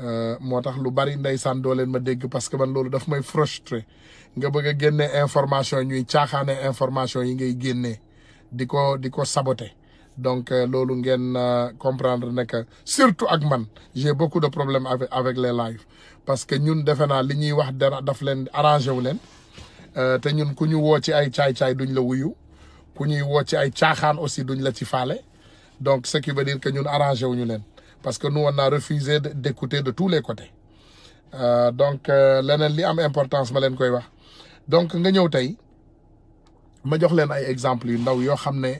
Euh, moo tax lu bari ndeysaan doo leen ma dégg parce que man loolu daf may frustré nga bëgg a génne information ñuy caaxaane information yi ngay génnee di ko di ko saboté donc euh, loolu ngeen euh, comprendre ne surtout ak man j'ai beaucoup de problèmes avec avec les lives parce que ñun defe naa li ñuy wax dara daf leen arrangé wu leen te ñun ku ñu woo ci ay caay-caay duñ la wuyu ku ñuy woo ci ay caaxaan aussi duñ la ci faale donc ce qui veut dire que ñun arrangé wu ñu leen parce que nous, on a refusé d'écouter de tous les côtés. Euh, donc, euh, leneen li am importance ma leen koy wax donc nga ñëw tey ma jox leen ay exemples yu ndaw yoo xam ne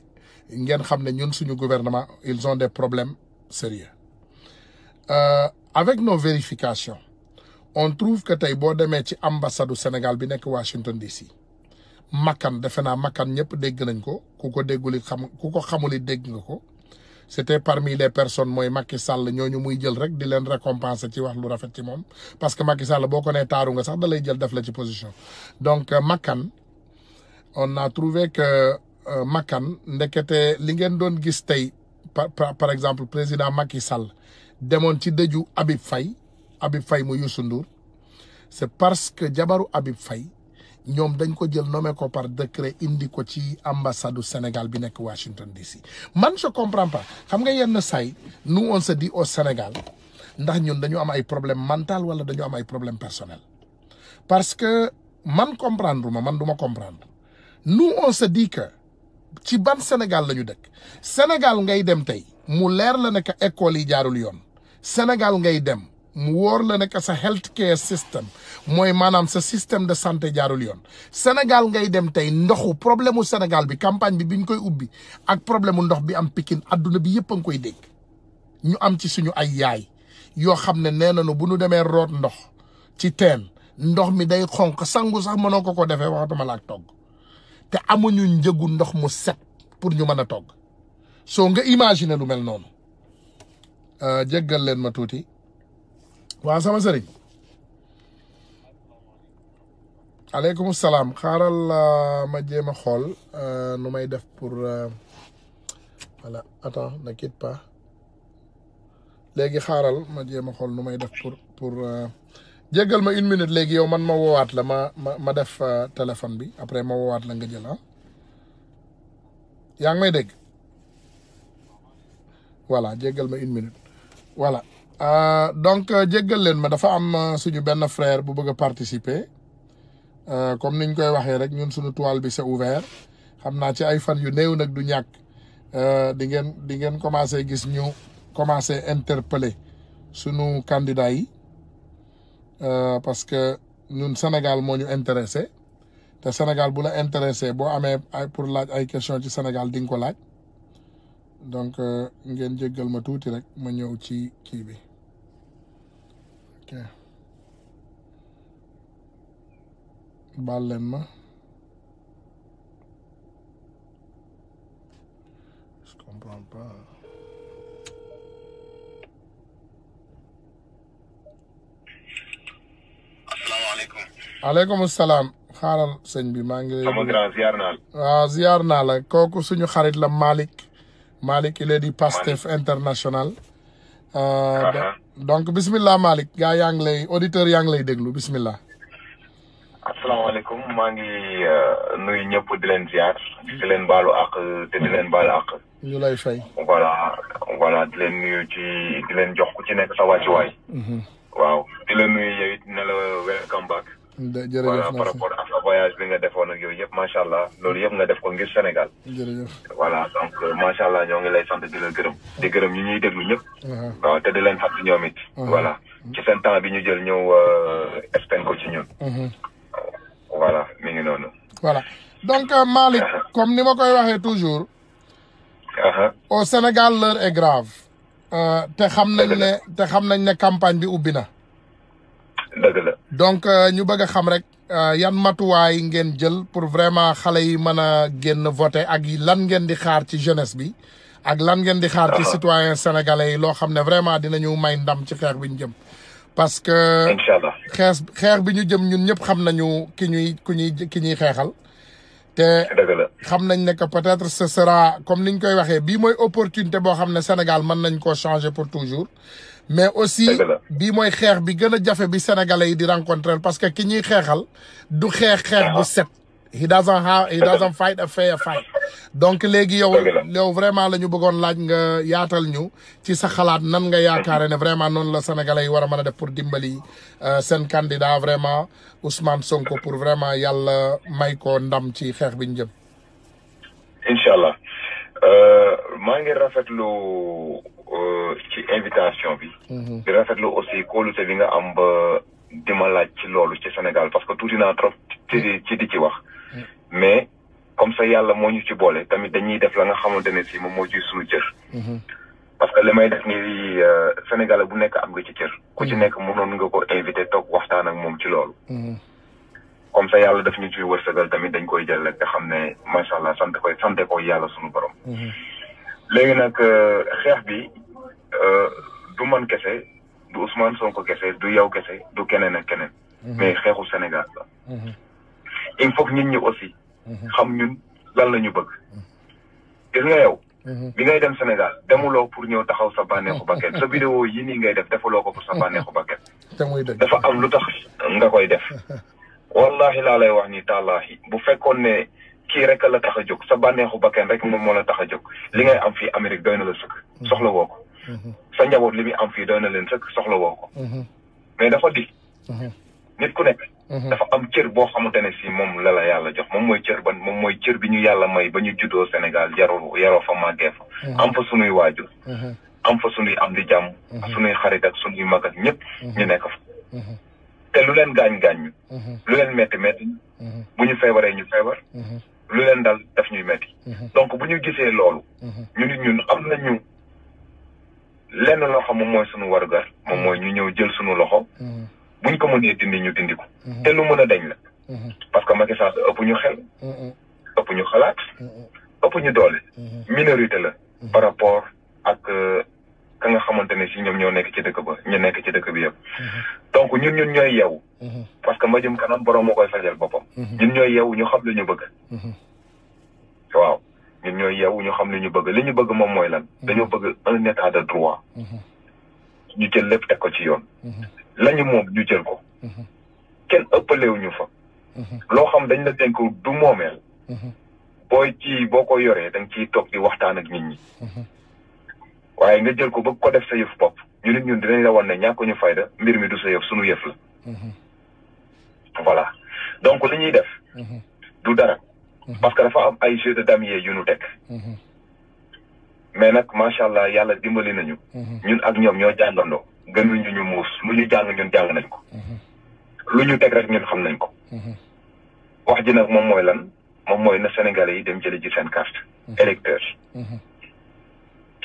ngeen xam ne ñun suñu gouvernement ils ont des problèmes sérieux euh, avec no vérifications on trouve que tey boo demee ci ambassade du Sénégal bi nekk Washington DC makkan defe naa makkan ñëpp dégg nañ ko ku ko déggul xam ku ko xamul yi dégg nga ko c'était parmi les personnes mooy Macky Sall ñooñu muy jël rek di leen récompenser ci wax lu rafet ci moom parce que Macky Sall boo ko nee taaru nga sax da lay jël def la ci position donc euh, Makan on a trouvé que euh, Makan ndekete li ngeen doon gis tey par exemple président Macky Sall demoon ci dëju Habib Faye Habib fay mu Youssou Ndour c'est parce que jabaru Habib fay ñoom dañ ko jël nommé ko par décret indi ko ci ambassade du Sénégal bi nekk Washington DC man je comprends pas xam nga yenn say nous on se dit au Sénégal ndax ñun dañu am ay problème mental wala dañu am ay problème personnel parce que man comprendre ma man duma ma comprendre nous on se dit que ci ban Sénégal la ñu dëkk Sénégal ngay dem tey mu leer la ne que école yi jaarul yoon Sénégal ngay dem. mu wóor la nekk sa health care system mooy maanaam sa système de santé jaarul yoon Sénégal ngay dem tey ndoxu problème mu Sénégal bi campagne bi biñ koy ubbi ak problème mu ndox bi am Pikine adduna bi yëpp a koy dégg ñu am ci suñu ay yaay yoo xam ne nee nañu bu ñu demee root ndox ci teen ndox mi day xonq sangu sax mënoo ko ko defee waxatuma la ak togg te amuñu njëgu ndox mu set pour ñu mën a togg soo nga imaginer lu mel noonu euh, jéggal leen ma tuuti. waa sama sëriñ aleykum salaam xaaral euh, ma jéem a xool euh, nu may def pour euh, voilà attends ne quitte léegi xaaral ma jéem a xool nu may def pour pour jéggal ma une minute léegi yow man ma woowaat la ma ma ma def téléphone bi après ma wowaat la nga jël ah yaa ngi may dégg voilà jéggal ma une minute voilà Euh, donc euh, jéggal leen ma dafa am euh, suñu benn frère bu bëgg a participer comme niñ koy waxee rek ñun suñu toile bi c'est ouvert xam naa ci ay fan yu néew nag du ñàkk di ngeen di ngeen commencer gis ñu commencer interpeller suñu candidat yi parce que ñun Sénégal moo ñu intéressé te Sénégal bu la intéressé boo amee pour laaj ay question ci Sénégal di ko laaj donc ngeen jéggal ma tuuti rek ma ñëw ci kii bi ok baal leen ma je comprends pas asalaamaaleykum aleykum salaam xaaral sëñ bi maa ngi sama grand ziar naa la waaw ah, ziar naa la kooku suñu xarit la Malick Malick il est du Pastef international ah, donc bisimilah Malick gaa yaa ngi lay auditeur yaa ngi lay déglu bisimilah. asalaamaaleykum maa ngi euh, nuyu ñëpp di leen ziar. di leen baalu àq te di leen baalu àq. ñu lay fay. voilà voilà di leen ci di leen jox ku ci nekk sa waa ci waay. Mhm. waaw di la nuyu welcome back. jërëjëf voilà par rapport ak sa voyage bi nga defoon ak yooyu yëpp macha allah loolu yëpp nga def ko ngir Sénégal. jërëjëf voilà donc euh, macha allah ñoo ngi lay sant di la gërëm. di gërëm ñu ñuy déglu ñëpp. waaw te di leen sant ñoom it. voilà ci seen temps bi ñu jël ñëw expliqué euh, ko ci ñun. Mhm. voilà mi ngi noonu. voilà donc euh, Malick uh-huh. comme ni ma koy waxee toujours. Uh-huh. au Sénégal l'heure est grave. te xam nañ ne te xam nañ ne campagne bi ubbi na. donc euh, ñu bëgg a xam rek euh, yan matuwaay ngeen jël pour vraiment xale yi mën a génn voter ak lan ngeen di xaar ci jeunesse bi ak lan ngeen di xaar ci ah. citoyen sénégalais yi loo xam ne vraiment dinañu may ndam ci xeex bi ñu jëm parce que inchallah xeex xeex bi ñu jëm ñun ñëpp xam nañu ki ñuy ku ñuy ki ñuy xeexal te xam nañ ne que peut-être ce sera comme niñ koy waxee bii mooy opportunité boo xam ne Sénégal mën nañ ko changé pour toujours mais aussi bi mooy xeex bi gën a jafe bi sénégalais yi di rencontrer parce que ki ñuy xeexal du xeex xeex bu set he doesn't have he doesn't fight a fair donc léegi yow yow vraiment la ñu bëggoon laaj nga yaatal ñu ci sa xalaat nan nga yaakaare ne vraiment noonu la sénégalais yi war a mën a def pour dimbali euh, seen candidat vraiment Ousmane Sonko pour vraiment yàlla may ko ndam ci xeex bi ñu jëm incha allah euh, maa ngi Euh, ci invitation bi. Mhm. di rafetlu aussi kóolute bi nga am ba ma laaj ci loolu ci Sénégal parce que tuuti naa trop ci di ci wax. Mhm. mais comme ça yàlla moo ñu ci boole tamit dañuy def la nga xamante ne si moom moo ci suñu cër. Mhm. parce que li may def nii euh, Sénégal bu nekk am nga ci cër. ku ci nekk mënoon nga ko invité toog waxtaan ak moom ci loolu. comme ça yàlla daf ñu ci wërsëgal tamit dañ koy jël nga xam ne macha allah sant koy sante ko yàlla suñu borom. Euh, du man kese du Ousmane Sonko kese du yow kese du keneen ak keneen. Mhm. mais xeexu Sénégal la. Mhm. il faut nit ñi aussi. Mhm. xam ñun lan la ñu bëgg. gis nga yow. bi ngay dem Sénégal demuloo pour ñëw taxaw sa bànneexu bakket sa vidéo yi nii ngay def defuloo ko pour sa bànneexu bakket. dafa am lu tax nga koy def. wallahi laa lay wax ni tàllaahi bu fekkoon ne kii rek la tax a jóg sa bànneexu bakket rek moom moo la tax a jóg li ngay am fii Amérique doy na la sëkk. soxla woo Mm-hmm. sa njaboot li muy am fii doy na leen rek soxla woo ko mm-hmm. mais dafa di mm-hmm. nit ku nekk dafa am cër boo xamante ne si moom la la yàlla jox moom mooy cër ban moom mooy bi ñu yàlla may ba ñu juddoo Sénégal yaroo yaroo fa màggee fa am fa sunuy waajur am fa sunuy am di jàmm sunuy xarit ak sunuy mag ak ñëpp ñu nekk fa te lu leen gaañ-gaañ ñu lu leen metti metti bu ñu feebaree ñu feebar lu leen dal daf ñuy metti donc bu ñu gisee loolu ñu nit ñun am nañu lenn loo moom mooy suñu warugar moom mooy ñu ñëw jël suñu loxo mm-hmm. buñ ko mënee dindi ñu dindi ko mm-hmm. te lu mën a dañ la mm-hmm. parce que Macky Sall ëpp ñu xel ëpp ñu xalaat ëpp ñu doole minorité la par rapport ak euh, ka nga xamante ne si ñoom ñoo nekk ci dëkk ba ñu nekk ci dëkk bi yëpp donc ñun ñun ñooy yeewu parce que mbajum kanam borom moo koy fajal boppam ñun ñooy yeewu ñu xam lu ñu bëgg waaw ñun ñooy yeewu ñu xam li ñu bëgg li ñu bëgg moom mooy lan mm-hmm. dañoo bëgg a état droit mm-hmm. ñu jël lépp teg ko ci yoon mm-hmm. lañu moom ñu jël ko kenn ëppalewuñu fa loo xam dañ la dénk du moomeel booy ci boo ko yoree da nga ciy toog di waxtaan ak nit waaye nga jël ko bëgg ko def sa yëf bopp ñu nit ñun dinañ la wan ne ñàkk ñu fay de mbir mi du sa yëf suñu yëf la voilà donc li def du dara Mhm. parce que dafa am ay jeu de damier yu nu teg. Mhm. mais nag macha allah yàlla dimbali nañu. Mhm. ñun ak ñoom ñoo jàngandoo. gënuñu ñu muus mu ñu jàll ñun jàll nañ ko. lu ñu teg rek ñun xam nañ ko. wax ji nag moom mooy lan moom mooy na Sénégalais yi dem jëli ji seen carte. électeur.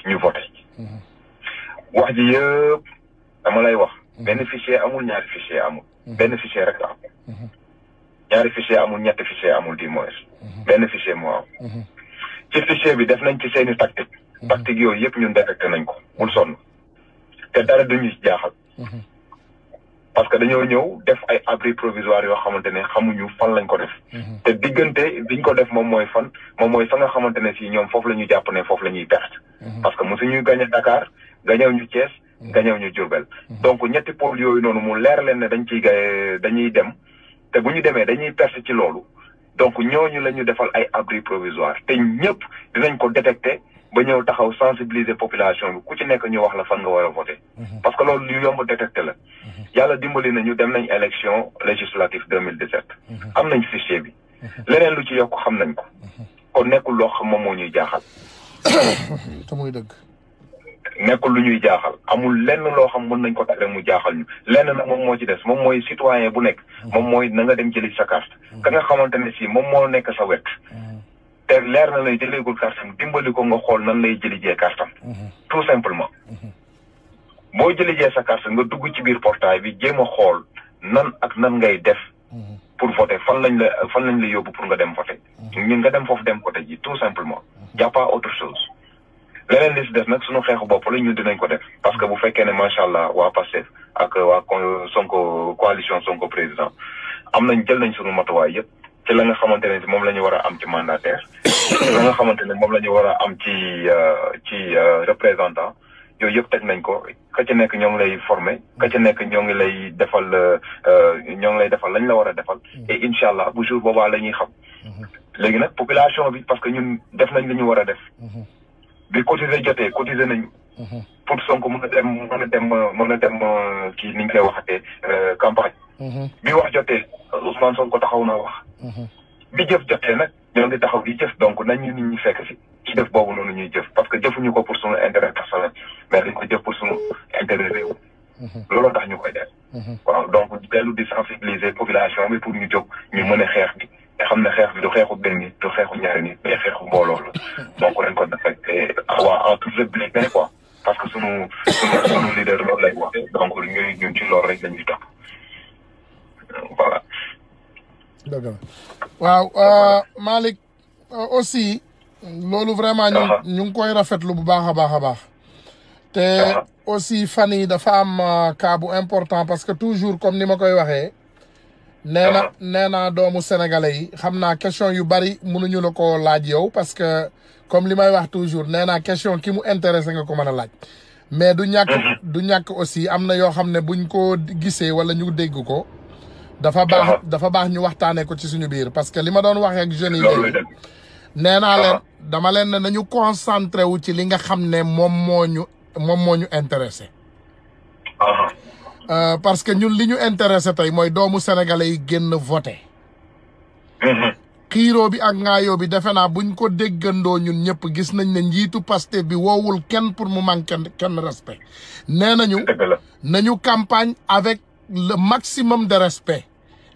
ñu voté. wax ji yëpp dama lay wax. benn fichier amul ñaar fichier amul. benn rek la am. ñaari fichier amul ñetti fichier amul du moins mhm. benn fichier moo am mhm. ci fichier bi def nañ ci seeni tactique mhm. tactique yooyu yëpp ñun détecté nañ ko bul sonn te dara dañuy jaaxal parce que dañoo ñëw def ay abri provisoire yoo xamante ne xamuñu fan lañ ko def te diggante biñ ko def moom mooy fan moom mooy fa nga xamante ne si ñoom foofu la ñu jàpp ne foofu la ñuy perte parce que mosuñuy gañe Dakar gañew ñu Thiès gañew ñu Diourbel donc ñetti pôle yooyu noonu mu leer leen ne dañ ciy gaye dañuy dem te bu ñu demee dañuy perte ci loolu donc ñooñu la ñu defal ay abri provisoire te ñëpp dinañ ko détecter ba ñëw taxaw sensibiliser population bi ku ci nekk ñu wax la fan nga war a voter mhm. parce que loolu lu yomb détecter la mhm. yàlla dimbali na nañu dem nañ élection législative 2017 mhm. am nañ fichier bi leneen lu ci yokk xam nañ ko kon nekkul loo xam moom moo ñuy jaaxal te muy dëgg nekkul lu ñuy jaaxal amul lenn loo xam mun nañ ko def rek mu jaaxal ñu lenn nag moom moo ci des moom mooy citoyen bu nekk mm. moom mooy na dem jëli sa carte mm. ka nga xamante ne si moom moo nekk sa wet mm. te leer na lay jëleegul kartam dimbali ko nga xool nan lay jëlijee kartam mm-hmm. tout simplement mm-hmm. boo jëlijee sa carte nga dugg ci biir portaay bi jéem a xool nan ak nan ngay def mm-hmm. pour foote fan lañ la fan lañ la yóbbu pour nga dem voter ñun nga dem foofu dem voter ji tout simplement y a leneen li si def nag suñu xeexu bopp la ñu dinañ ko def parce que bu fekkee ne macha allah waa Pastef ak waa Sonko coalition Sonko président am nañ jël nañ suñu matuwaay yëpp ci la nga xamante ne moom la ñu war a am ci mandataire ci nga xamante ne moom la ñu war a am ci euh, ci euh, représentant yooyu yëpp teg nañ ko ka ci nekk ñoo ngi lay formé ka ci nekk ñoo ngi lay defal euh, ñoo ngi lay defal lañ la war a defal mm-hmm. et incha allah bu jour boobaa la ñuy xam mm-hmm. léegi nag population bi parce que ñun def nañ li ñu war a def mm-hmm. bi cotiser jotee cotiser nañu. Mhm. pour Sonko mën a dem mën a dem mën a dem euh, kii ni ñu koy waxatee euh, campagne. Mhm. bi wax jotee Ousmane Sonko taxaw na wax. Mhm. bi jëf jotee nag ñoo ngi taxaw di jëf donc nañ ñu nit ñi fekk si ci def boobu noonu ñuy jëf parce que jëfuñu ko pour sunu intérêt personnel mais dañ ko jëf pour sunu intérêt réew. looloo ñu koy def. donc dellu di sensibiliser population bi pour ñu jóg ñu mën a xeex bi. te xam ne xeex bi du xeexu benn nit du xeexu ñaari nit mais xeexu ko affecté waa parce que sunu sunu sunu rek lañuy topp voilà. dëgg euh, euh, aussi. loolu vraiment ñu uh-huh. ñu ngi koy rafetlu bu baax a baax a baax. te uh-huh. aussi fan yi dafa am euh, cas important parce que toujours comme ni ma koy waxee. nee na ah. nee naa doomu sénégalais yi xam naa question yu bari mënuñu la ko laaj yow parce que comme li may wax toujours nee naa question ki mu intéressé nga ko mën a laaj mais du ñàkk mhm. du ñàkk aussi am na yoo xam ne buñ ko gisee wala ñu dégg ko dafa baax ah. dafa baax ñu waxtaanee ko ci suñu biir parce que li ma doon waxee ak jeunes yi nee naa leen ah. dama leen ne nañu concentré wu ci li nga xam ne moom moo ñu moom moo ñu intéressé Euh, parce que ñun li ñu intéressé tey mooy doomu sénégalais yi génn voté mhm. xiiroo bi ak ŋaayoo bi defe naa buñ ko déggandoo ñun ñëpp gis nañ ne njiitu Pastef bi woowul kenn pour mu manque kenn respect nee nañu nañu campagne avec le maximum de respect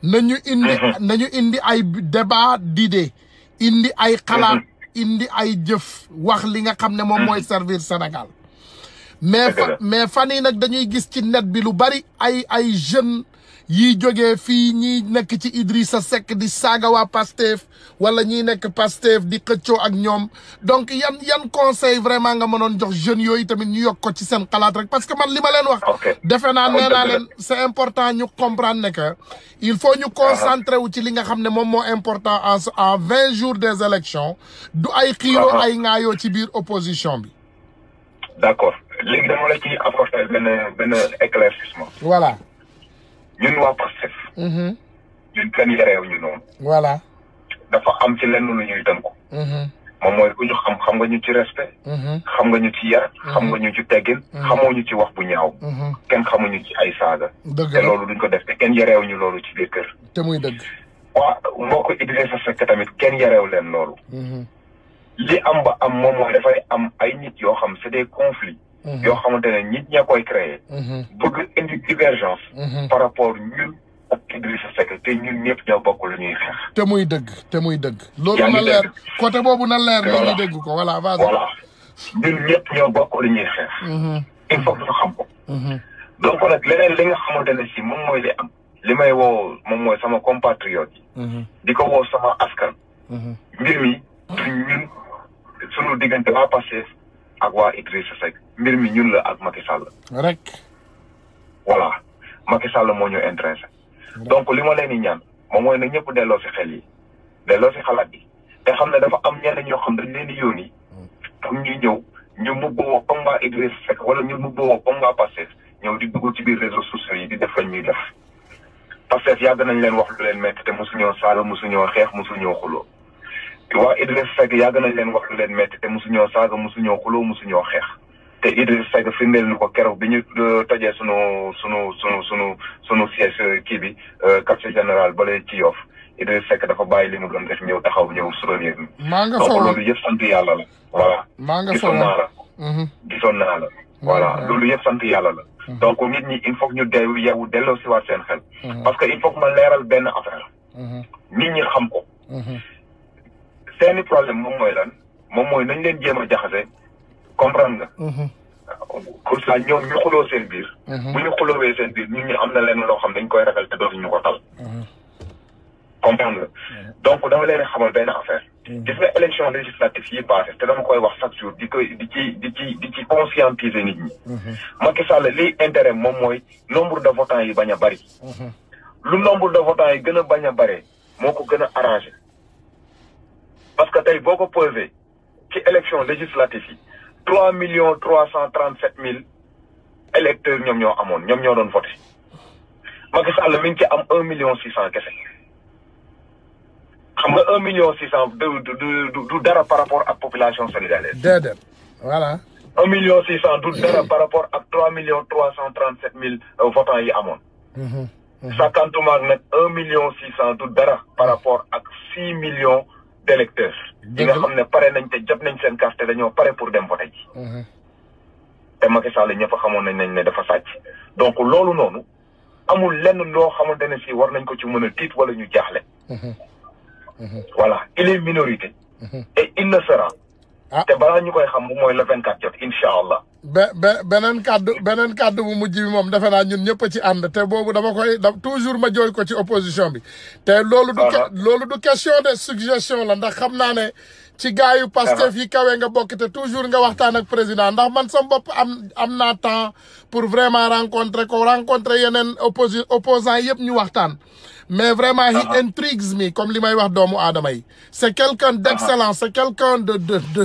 nañu indi mhm. indi ay débat d'idées indi ay xalaat mhm. indi ay jëf wax li nga xam ne moom mooy servir Sénégal mais mais fan yi nag dañuy gis ci net bi lu bari ay ay jeunes yiy jóge fii ñiy nekk ci Idrissa Seck di saaga waa Pastef wala ñiy nekk Pastef di xëccoo ak ñoom donc yan yan conseil vraiment nga mënoon jox jeunes yooyu tamit ñu yokk ko ci seen xalaat rek parce que man li ma leen wax defe naa nee naa leen c'est important ñu comprendre ne il faut ñu concentrer wu ci li nga xam ne moom moo important en à vingt jours des élections du ay xiiroo ay ŋaayoo ci biir opposition bi léegi dama la ciy apporter benn benn éclaircissement. a ñun waa Pastef. Mhm. ñun kenn yareewuñu noonu. voilà. dafa am ci lenn lu ñuy tënku. Mhm. moom mooy ku ñu xam nga ñu ci respect. Mhm. xam nga ñu ci yar. xam nga ñu ci teggin. xamoo ci wax bu ñaaw. kenn xamuñu ci ay saaga. dëgg te loolu duñ ko def te kenn yareewuñu loolu ci biir kër. te muy dëgg. waa moo ko Idrissa Seck tamit kenn yareew leen loolu. li am ba am moom mooy dafay am ay nit yoo xam c'est des conflits. Mm-hmm. yoo xamante ne nit ña koy créer mm-hmm. bëgg indi divergence mm-hmm. par rapport ñun ak Idrissa Seck te ñun ñëpp ñoo bokk ñuy xeex te muy dëgg te muy dëgg loolu na leer côté boobu na leer loolu ñu dégg ko voilà voilà ñun ñëpp ñoo bokk lu ñuy xeex il faut que ñu xam ko donc nag leneen li nga xamante ne si moom mooy li am li may woo moom mooy sama compatriote yi di ko woo sama askan mbir ñun suñu diggante waa Pastef ak waa Idrissa Seck mbir mi ñun la ak Macky Sall. rek. voilà Macky Sall moo ñu intéressé. donc li ma leen di ñaan moom mooy na ñëpp delloo si xel yi delloo si xalaat yi te xam ne dafa am ñenn ñoo xam dañ leen di yónni pour ñu ñëw ñu mbubboo kom waa Idrissa Seck wala ñu mbubboo comme waa Pastef ñëw di dugg ci biir réseaux sociaux yi di def lañ ñuy def Pastef yàgg nañ leen wax lu leen métti te saalo saala mosuñoo xeex mosuñoo xuloo. waa Idriss Seck yàgg nañ leen wax leen métti te mosuñoo saaga mosuñoo xuloo mosuñoo xeex te Idriss Seck firndeel ni ko keroog bi ñu euh, tojee sunu sunu sunu sunu sunu siège euh, kii bi euh, quartier général bale ci Yoff Idriss Seck dafa bàyyi li mu doon def ñëw taxaw ñëw soutenir mi maa loolu yëpp sant yàlla la voilà mhm. gisoon naa la gisoon loolu yëpp sant yàlla la mhm. donc nit ñi il faut que ñu deewu yeewu delloo si waat seen xel mhm. parce que il faut que ma leeral benn affaire nit ñi xam ko seeni problème moom mooy lan moom mooy nañ leen jéem a jaxase comprendre nga. comme mhm. ça ñoom ñu xuloo seen biir. Mhm. bu ñu xuloowee seen biir ñun ñu am na leen loo xam dañ koy ragal te dootuñu ko tal. Mhm. comprendre nga donc dama leen xamal benn affaire. gis nga élection législative yi passé te dama koy wax chaque jour di koy di ci di ci di ci conscientiser nit ñi. Macky Sall liy intérêt moom mooy nombre de votants yi bañ a bari. lu nombre de votants yi gën a bañ a bare moo ko gën a parce que tey boo ko posé ci élection législative yi trois million trois cent trente sept mille électeurs ñoom ñoo amoon ñoom ñoo doon voté Macky Sall mi ngi ci am un million six cent kese xam nga un million six cent du du du dara par rapport ak population sénégalaise. déedéet voilà. un million six cent du dara par rapport ak trois millions trois cent trente sept mille euh, votants yi amoon. Mhm, mhm. sa kantumaag nag un million six cent du dara par rapport ak six millions. d'électeurs yi nga xam ne pare nañ te jot nañ seen carte dañoo pare pour dem voter ji uh-huh. te Macky Sall ñëpp xamoon nañ ne dafa sàcc donc loolu noonu amul lenn loo xamante ne si war nañ ko ci mën a tiit wala ñu jaaxle uh-huh. Uh-huh. voilà il est minorité et il Ah. te balaa ñu koy xam bu mooy le vingt quatre jot incha allah. be beneen kàddu beneen kàddu bu mujj bi moom defe naa ñun ñëpp ci ànd te boobu dama koy da toujours ma jooy ko ci opposition bi. te loolu du. loolu du question de suggestion la ndax xam naa ne. ci gars yu Pastef yi kawe nga bokk te toujours nga waxtaan ak président ndax man sama bopp am am na temps pour vraiment rencontrer ko rencontrer yeneen opposi opposants yëpp ñu waxtaan. mais vraiment he ah, ah. intrigues me comme li may wax doomu aadama yi c'est quelqu'un ah, d'excellent c'est quelqu'un de de de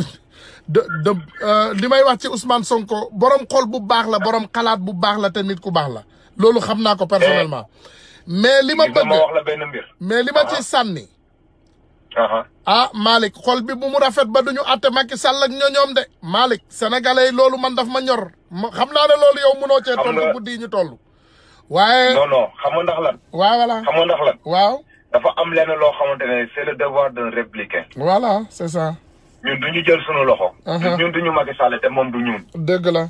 de de euh, li may wax ci Ousmane Sonko borom xol bu baax la borom xalaat bu baax la te nit ku baax la loolu xam naa ko eh. personnellement mais li ma bëgg mais li ma ci sànni ah Malick xol bi bu mu rafet ba duñu àtte Macky Sall ak ñoom de Malick sénégalais yi loolu man daf ma ñor xam naa ne loolu yow mënoo cee toll guddi yi ñu toll waaye non non xam nga ndax lan. waaw voilà xam ndax lan. waaw. dafa am lenn loo xamante ne c'est le devoir d'un républicain. voilà c'est ça. ñun du ñu jël sunu loxo. Uh-huh. ñun du ñu Macky Sall te du ñun. dëgg la.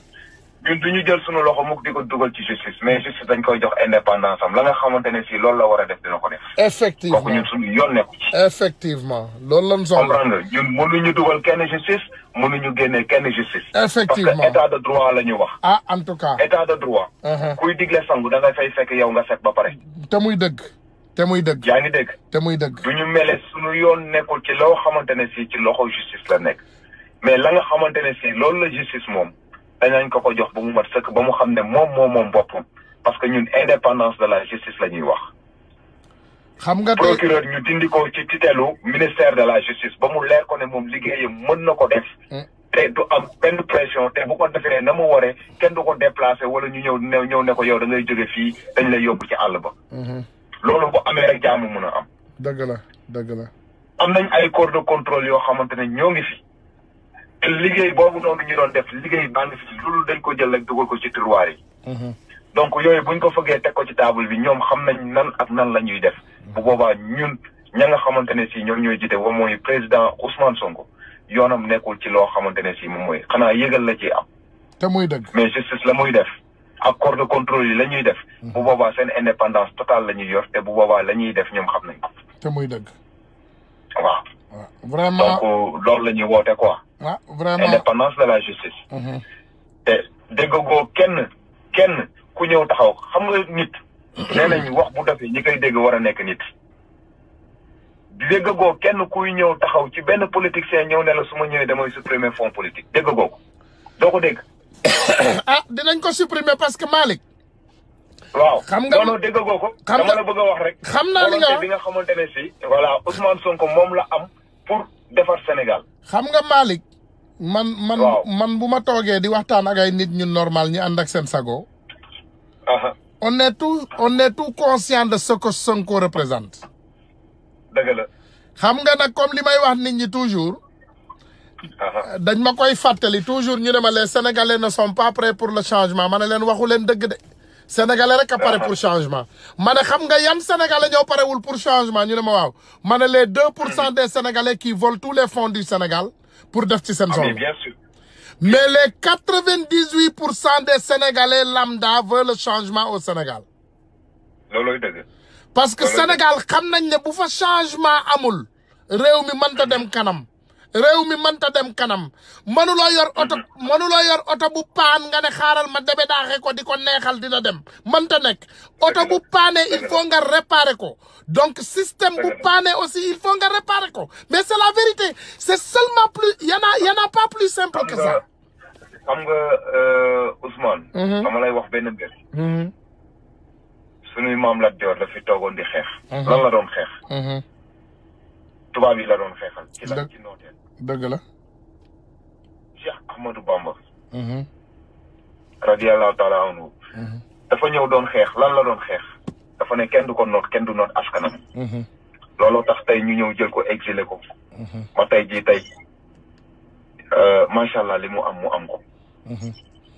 ñu du ñu jël sunu loxo mukk di ko dugal ci justice mais justice dañ koy jox indépendance am langa nga ne si loolu la war a def dina ko def. effectivement kooku ñun suñu yoon nekku ci. effectivement loolu lañ soxla. comprendre nga ñun mënuñu dugal kenn justice ñu génne kenn justice. effectivement parce que état de droit la ñu wax. a ah, en tout cas. état de droit. Uh-huh. kuy digle sangu da nga fay fekk yow nga set ba pare. te muy dëgg. te muy dëgg yaa ngi dëgg. te muy dëgg. du ñu mele sunu yoon nekkul ci loo xamante ne si ci loxo justice la nekk mais la xamante ne si loolu la justice moom. danañ ko ko jox ba mu mat sëkk ba mu xam ne moom moo moom boppam parce que ñun indépendance de la justice la ñuy wax. xam nga procureur ñu dindi ko ci titelu ministère de la justice ba mu leer ko ne moom liggéeyam mën na ko def. Hmm. te du am benn pression te bu ko defee na mu waree kenn du ko déplacé wala ñu ñëw ne ñëw ne ko yow da ngay jóge fii dañ lay yóbbu ci àll ba. Hmm. loolu bu amee rek jaamu mun a am. dëgg la dëgg la. am nañ ay corps de contrôle yoo xamante ne ñoo ngi te liggéey boobu noonu ñu doon def liggéey baa ngi fi loolu dañ ko jël rek dugal ko ci tiroir yi. Mhm. donc yooyu buñ ko fëggee teg ko ci table bi ñoom xam nañ nan ak nan la ñuy def. bu boobaa ñun ña nga xamante ne si ñoom ñooy jiite wa mooy président Ousmane Sonko yoonam nekkul ci loo xamante ne si moom mooy xanaa yëgal la ci am. te muy dëgg mais justice la muy def. accord de contrôle yi la ñuy def. Mhm. bu boobaa seen indépendance totale la ñuy yor te bu boobaa la ñuy def ñoom xam nañ ko. muy dëgg. vraiment donc euh, loolu la ñuy woote quoi. waaw vraiment indépendance de la justice. Mm-hmm. te déggagoo kenn kenn ku ñëw taxaw xam nga nit. nee nañ wax bu dofee ñi koy dégg war a nekk nit. déggagoo kenn kuy ñëw taxaw ci benn politicien ñëw ne la suma ñëwee damay supprimer fonds politique dégg ko doo ko dégg. ah dinañ ko supprimer parce que Malick. waaw xam nga non non dégg ko. xam nga dama la wax rek. xam naa li nga wax bi nga xamante ne si. voilà Ousmane Sonko moom la am pour defar Sénégal. xam nga Malick. man man man bu ma toogee di waxtaan ak ay nit ñu normal ñu ànd ak seen sago. on est tout on est tout conscient de ce que Sonko représente. dëgg la. xam nga nag comme li may wax nit ñi toujours. dañ ma koy fàttali toujours ñu ne ma les sénégalais ne sont pas prêts pour le changement ma ne leen waxu leen dëgg de. sénégalais rek a pare ah. pour changement. ma ne xam nga yan sénégalais ñoo parewul pour changement ñu ne ma waaw ma ne les 2 pour cent des sénégalais qui volent tous les fonds du Sénégal pour def ci seen ah, zone. bien sûr. mais les 98 pour cent des sénégalais lambda veulent le changement au Sénégal. parce que Sénégal xam nañ ne bu fa changement amul réew mi mënta dem kanam. réew mi mënta dem kanam mënuloo yor oto mm-hmm. mënuloo yor oto bu paan nga ne xaaral ma debe ko di ko neexal dina dem mënta nekk oto bu paane il faut nga réparer ko donc système bu paane aussi il faut nga réparer ko mais c'est la vérité c'est seulement plus y'en a y'en a pas plus simple que ça xam nga euh, Ousmane mm-hmm. lay wax benn mbir mm-hmm. suñuy la joor la fi toogoon di xeex xeex tubaab yi la doon xeexal. ci la ci nooteel. dëgg la. Cheikh Ahmadou Bamba. Mhm. radiyallahu taala anhu. Mhm. dafa ñëw doon xeex lan la doon xeex. dafa ne kenn du ko noot kenn du noot askanam. Mhm. looloo tax tey ñu ñëw jël ko exilé ko. ma tey jii tey euh, macha allah li mu am mu am ko.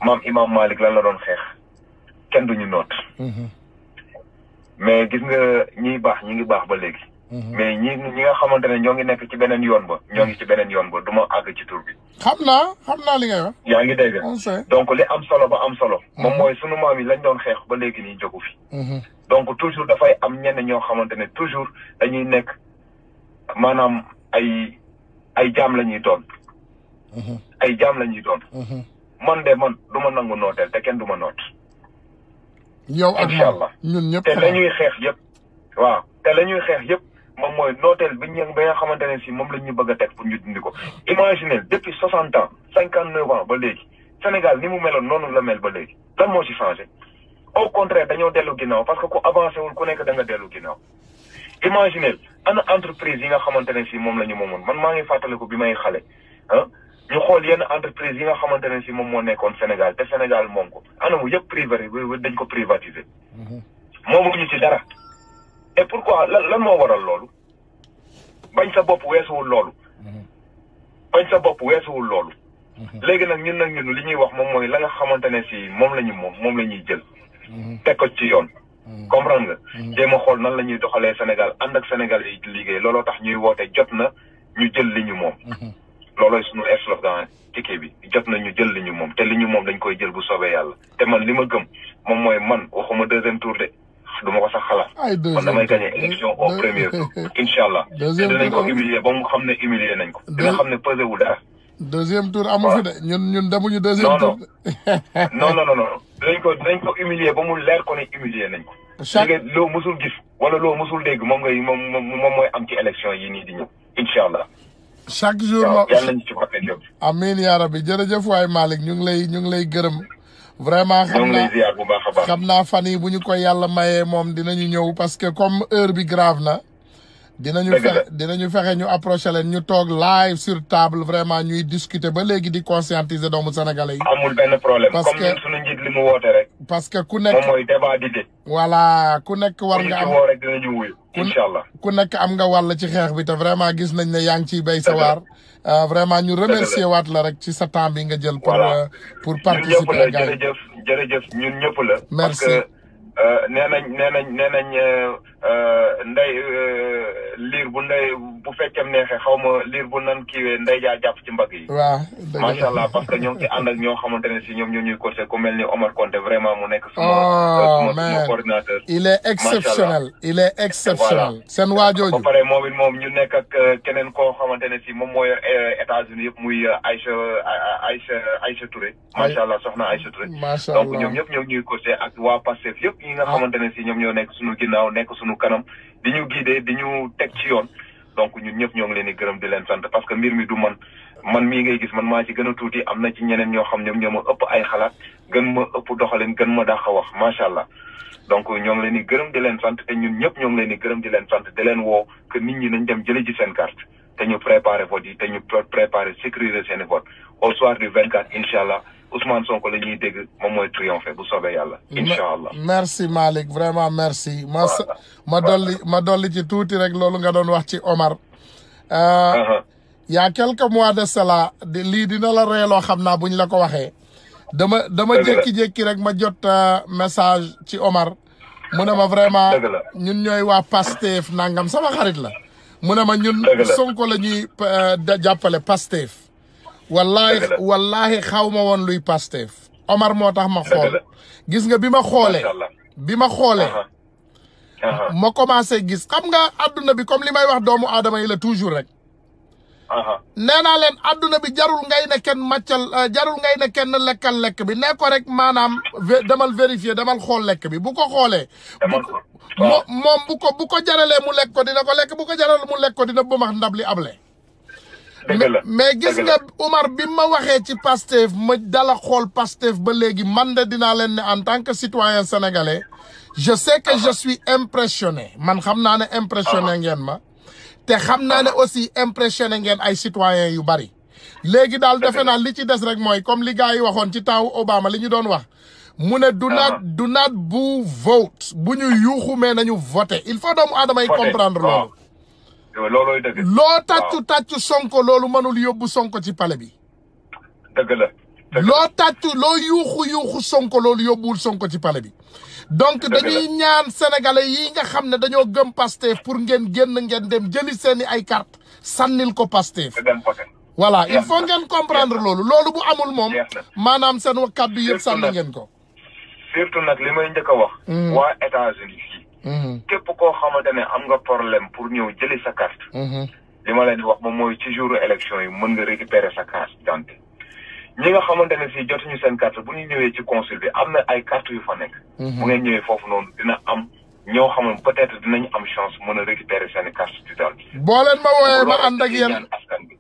maam Imaam Malik lan la doon xeex. kenn du ñu noot. mais gis nga ñiy baax ñi ngi baax ba léegi. Mhm. mais ñi ñi nga xamante ne ñoo ngi nekk ci beneen yoon ba ñoo ngi ci beneen yoon ba du ma àgg ci tur bi. xam naa xam naa li yaa ngi dégg donc li am solo ba am solo. Mhm. moom mooy sunu maam yi lañ doon xeex ba léegi nii jógu fi. Mhm. donc toujours dafay am ñenn ñoo xamante ne toujours dañuy nekk maanaam ay ay jaam la ñuy doon. ay jaam la ñuy doon. man de man du ma nangu nooteel te kenn du ma noot. yow ak ñun ñëpp allah te la ñuy xeex yëpp. waaw te la ñuy xeex yëpp. moom mooy nooteel bi ñu ba nga xamante ne si moom la ñu bëgg a teg pour ñu dindi ko. imaginez depuis soixante ans cinquante neuf ans ba léegi Sénégal ni mu meloon noonu la mel ba léegi lan moo ci changé au contraire dañoo dellu ginnaaw parce que ku avancé wul ku nekk da nga dellu ginnaaw. imaginez ana entreprise yi nga xamante ne si moom la ñu moomoon man maa ngi fàttaliku bi may xale ah ñu xool yenn entreprise yi nga xamante ne si moom moo nekkoon Sénégal Sénégal moom ko anamu yëpp privé dañ ko privatiser. Mhm. moomuñu ci dara. pour pourquoi lan lan moo waral loolu bañ sa bopp weesuwul loolu bañ sa bopp weesuwul loolu léegi nag ñun nag ñun li ñuy wax moom mooy la nga xamante ne si moom la ñu moom moom la ñuy jël teg ko ci yoon comprendre nga jéem a xool nan la ñuy doxalee Sénégal ànd ak Sénégal yi liggéey looloo tax ñuy woote jot na ñu jël li ñu moom loolooy suñu slogan ticket bi jot na ñu jël li ñu moom te li ñu moom lañ koy jël bu soobee yàlla te man li ma gëm moom mooy man waxuma deuxième tour de du ma ko sax xalaat. ay deux man damay gagné élection au premier tour. ko humilier ba mu xam ne humilier nañ ko. dina xam ne pesé wu dara. deuxième tour amu fi de ñun da demuñu deuxième tour. non non non non dinañ ko dinañ ko humilier ba mu leer ko ne humilier nañ ko. chaque loo musul gis wala loo musul dégg moom ngay moom mooy am ci élection yi nii di ñëw incha allah. chaque jour ma yàlla nañ ci wax jërëjëf waay Malick ñu ngi lay ñu ngi lay gërëm. vraiment xam naa fan yi bu ñu ko yàlla mayee moom dinañu ñëw parce que comme heure bi grave na. dina ñu dinañu fexe ñu approché le ñu toog live sur table vraiment ñuy discuter ba léegi di conscientiser doomu sénégalais yi. amul benn problème parce que comme suñu njiit li que ku nekk moom mooy débat d'idées. ku nekk war nga am rek dinañu wuyu incha allah ku nekk am nga wàll ci xeex bi te vraiment gis nañ ne yaa ngi ciy béy sa waar. Euh, vraiment ñu remercier waat la rek ci sa temps bi nga jël. pour euh, pour participer ak gars yi ñun ñëpp la jërëjëf jërëjëf ñun ñëpp la. merci euh, nañ nee nañ. Euh, nday euh, liir bu nday bu fekkem neexee xaw ma liir bu nan kiiwee nday jaa jàpp ci mbagg yi. waaw macha allah parce que ñoom ngi ci ànd ak ñoo xamante ne si ñoom ñoom ñuy coaché ku mel ni Omar Konté vraiment mu nekk. suma oh, euh, suma coordinateur. il est exceptionnel il est exceptionnel. seen waajooju ba pare moom it moom ñu nekk keneen koo xamante ne si moom mooy États-Unis yëpp muy Aïcha Aïcha Aïcha Touré. macha allah soxna Aïcha Touré. macha allah donc ñoom ñëpp ñoo ñuy coaché ak waa Pastef yëpp ñi nga ah. xamante ne si ñoom ñoo nekk suñu ginnaaw nekk suñu sunu kanam di ñu guider di ñu teg ci yoon donc ñun ñëpp ñoo ngi leen di gërëm di leen sant parce que mbir mi du man man mii ngay gis man maa ci gën a tuuti am na ci ñeneen ñoo xam ñoom ñoo ma ëpp ay xalaat gën ma ëpp doxalin gën ma dàq a wax macha allah donc ñoo ngi leen di gërëm di leen sant te ñun ñëpp ñoo ngi leen di gërëm di leen sant di leen woo que nit ñi nañ dem jële ji seen carte te ñu préparé vote yi te ñu préparé sécuriser seen i vote au soir du 24 incha allah Ousmane Sonko la ñuy dégg moom mooy bu soobee yàlla. incha allah merci Malick vraiment merci. ma ma dolli ma dolli ci tuuti rek loolu nga doon wax ci Omar. Euh, uh-huh. y' a quelques mois de cela lii dina la reeloo xam naa buñ la ko waxee. dama dama jékki-jékki rek ma jot euh, message ci Omar. mu ne ma vraiment ñun ñooy waa Pastef nangam sama xarit la. mu ne ma ñun Sonko la ñuy euh, jàppale Pastef. wallahi wallahi xaw ma woon luy Pastef Omar moo tax ma xool gis nga bi ma xoolee bi ma xoolee ma commencé gis xam nga adduna bi comme li may wax doomu aadama yi la toujours rek nee naa leen adduna bi jarul ngay ne kenn màccal euh, jarul ngay ne kenn lekkal lekk bi ne ko rek maanaam demal vérifier damal xool lekk bi bu ko xoolee moom bu ko bu ko jaralee mu lekk ko dina ko lekk bu ko jaral mu lekk ko dina bëmax ndab li able mais gis nga Umar bi ma waxee ci Pastef ma dala xool Pastef ba léegi man de dinaa leen ne en tant que citoyen sénégalais je sais que je suis impressionné man xam naa ne impressionné ah. ngeen ma te xam naa ne ah. aussi impressionné ngeen ay citoyens yu bari léegi daal defe naa li ci des rek mooy comme li gars yi waxoon ci temps Obama li ñu doon wax mu ne du naat ah. du naat bu vote bu ñu yuuxu mais nañu voté il faut doomu aadama yi comprendre loolooy dëgg. loo tàccu tàccu sonko loolu mënul yóbbu sonko ci pale bi. dëgg la. loo tàccu loo yuuxu yuuxu sonko loolu yóbbuwul sonko ci pale bi. donc dañuy ñaan sénégalais yi nga xam ne dañoo gëm Pastef pour ngeen génn ngeen dem jëli seeni ay carte sànnil ko Pastef. voilà il faut ngeen comprendre loolu loolu bu amul moom. maanaam seen kàddu yëpp sànni ngeen ko. surtout nag li may wax. Hmm. waa Mm-hmm. képp koo xamante ne am nga problème pour ñëw jëli sa carte. Mm-hmm. li ma leen wax ma mooy ci jour élection yi mën nga récupérer sa carte d'identité ñi nga xamante ne si jotuñu seen carte bu ñu ñëwee ci consul bi am na ay carte yu fa nekk. Mm-hmm. bu ngeen ñëwee foofu noonu dina am ñëw xam ne peut-être dinañ am chance mën a récupérer seen carte d'identité. boo leen ma wooyee ma ànd ak yéen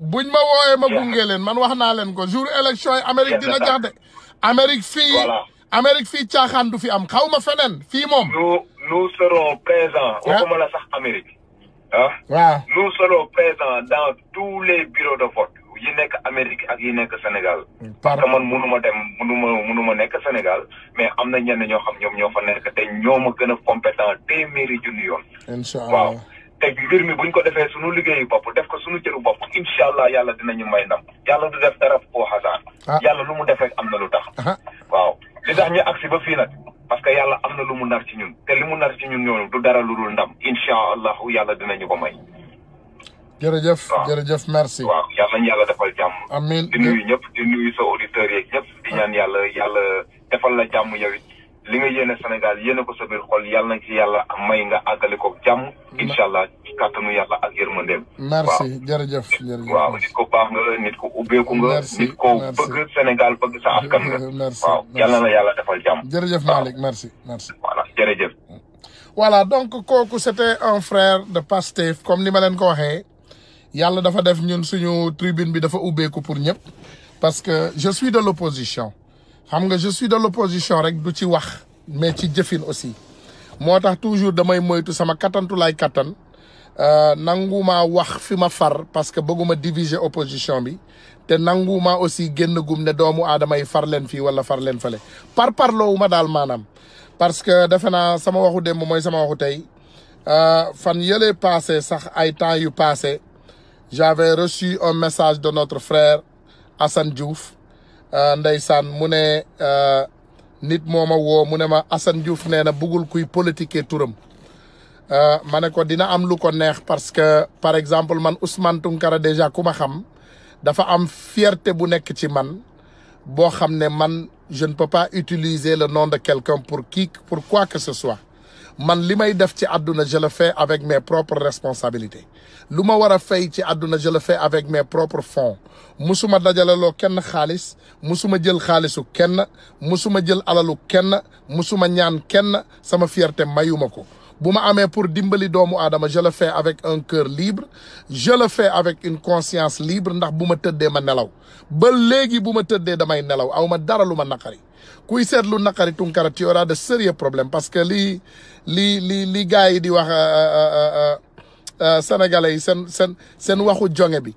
buñ ma wooyee ma gunge leen man wax naa leen ko jour élection yi Amérique dina jax de Amérique fii. Amérique fii caaxaan du fi am xaw ma feneen fii moom. nous nous serons présents. waaw ah. waxuma la sax Amérique. ah waaw nous serons présents dans tous les bureaux de vote yi nekk Amérique ak yi nekk Sénégal. part que man munuma dem munuma munuma nekk Sénégal mais am na ñenn ñoo xam ñoom ñoo fa nekk te ñoo ma gën a compétent téeméeri junni yoon. incha allah te mbir mi buñ ko defee sunu liggéey bopp def ko sunu cëru bopp incha allah yàlla dinañu may ndam. yàlla du def dara au hasard. Ah. yàlla lu mu def am na lu tax. Ah. li tax ñu agsi ba fii nag parce que yàlla am na lu mu nar ci ñun te li mu nar ci ñun ñoom du dara lu dul ndam incha allahu yàlla dinañu ko may. jërëjëf jërëjëf merci waaw yàlla nañu yàlla defal jàmm. amiin di nuyu ñëpp di nuyu sa auditeurs yeeg ñëpp di ñaan yàlla yàlla defal la jàmm yow it li nga yéene Sénégal yéene ko sa biir xol yàlla ki ci yàlla may nga àggale ko jàmm. incha allah ci kàttanu yàlla ak yërmandeem. waaw merci jërëjëf jërëjëf. nit ko baax nga nit ko ubbeeku nga. nit ko bëgg Sénégal bëgg sa askan nga. waaw yàlla na yàlla defal jàmm. jërëjëf Malick merci merci. voilà jërëjëf. voilà donc kooku c'était un frère de Pastef comme ni ma leen ko waxee yàlla dafa def ñun suñu tribune bi dafa ubbeeku pour ñëpp parce que je suis de l'opposition xam nga je suis de l'opposition rek du ci wax mais ci jëfin aussi moo tax toujours damay moytu sama kattantulaay kattan euh, ma wax fi ma far parce que bëgguma diviser opposition bi te nangumaa aussi génn gum ne doomu aadama yi far leen fii wala far leen fale par parloowu ma daal maanaam parce que defe naa sama waxu démb mooy sama waxu tey euh, fan yëlee passé sax ay temps yu passé j'avais reçu un message de notre frère assan Diouf Euh, ndeysaan mu ne euh, nit mooma ma woo mu ne ma Assane Diouf nee na bëggul kuy politiquer turam euh, ma ne ko dina am lu ko neex parce que par exemple man Ousmane Tounkara déjà ku ma xam dafa am fierté bu nekk ci man boo xam ne man jeune ne peux utiliser le nom de quelqu'un pour qui pour quoi que ce soit man li may def ci àdduna je le fais avec mes propres responsabilité lu ma war a fay ci àdduna je le avec mes propres fonds musuma dajaleloo kenn xaalis musuma jël xaalisu kenn mësuma jël alalu kenn mësuma ñaan kenn sama fierté mayuma ko bu ma amee pour dimbali doomu aadama je le avec un cœur libre je le avec une conscience libre ndax bu ma tëddee ma nelaw ba léegi bu ma tëddee damay nelaw aw ma dara lu ma naqari kuy seetlu naqari Tunkara tu auras de sérieux problème parce que lii lii lii lii gars yi di wax euh, euh, euh, sénégalais yi seen seen seen waxu jonge bi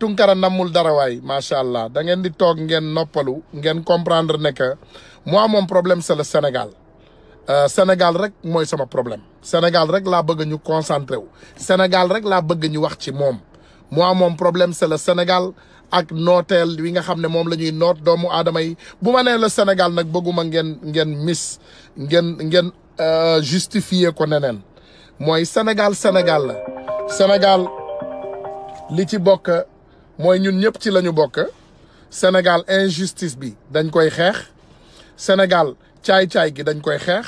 Tunkara nammul dara waay macha allah dangeen di toog ngeen noppalu ngeen comprendre ne que moi mon problème c'est le Sénégal Sénégal rek mooy sama problème Sénégal rek laa bëgg ñu concentré wu Sénégal rek laa bëgg ñu wax ci moom moi moom problème c'est le Sénégal ak nooteel wi nga xam ne moom la ñuy noot doomu aadama yi bu ma nee la Sénégal nag bëgguma ngeen ngeen mis ngeen ngeen euh, justifier ko neneen mooy Sénégal Sénégal la li ci bokk mooy ñun ñëpp ci lañu bokk Sénégal injustice bi dañ koy xeex Sénégal caay-caay gi dañ koy xeex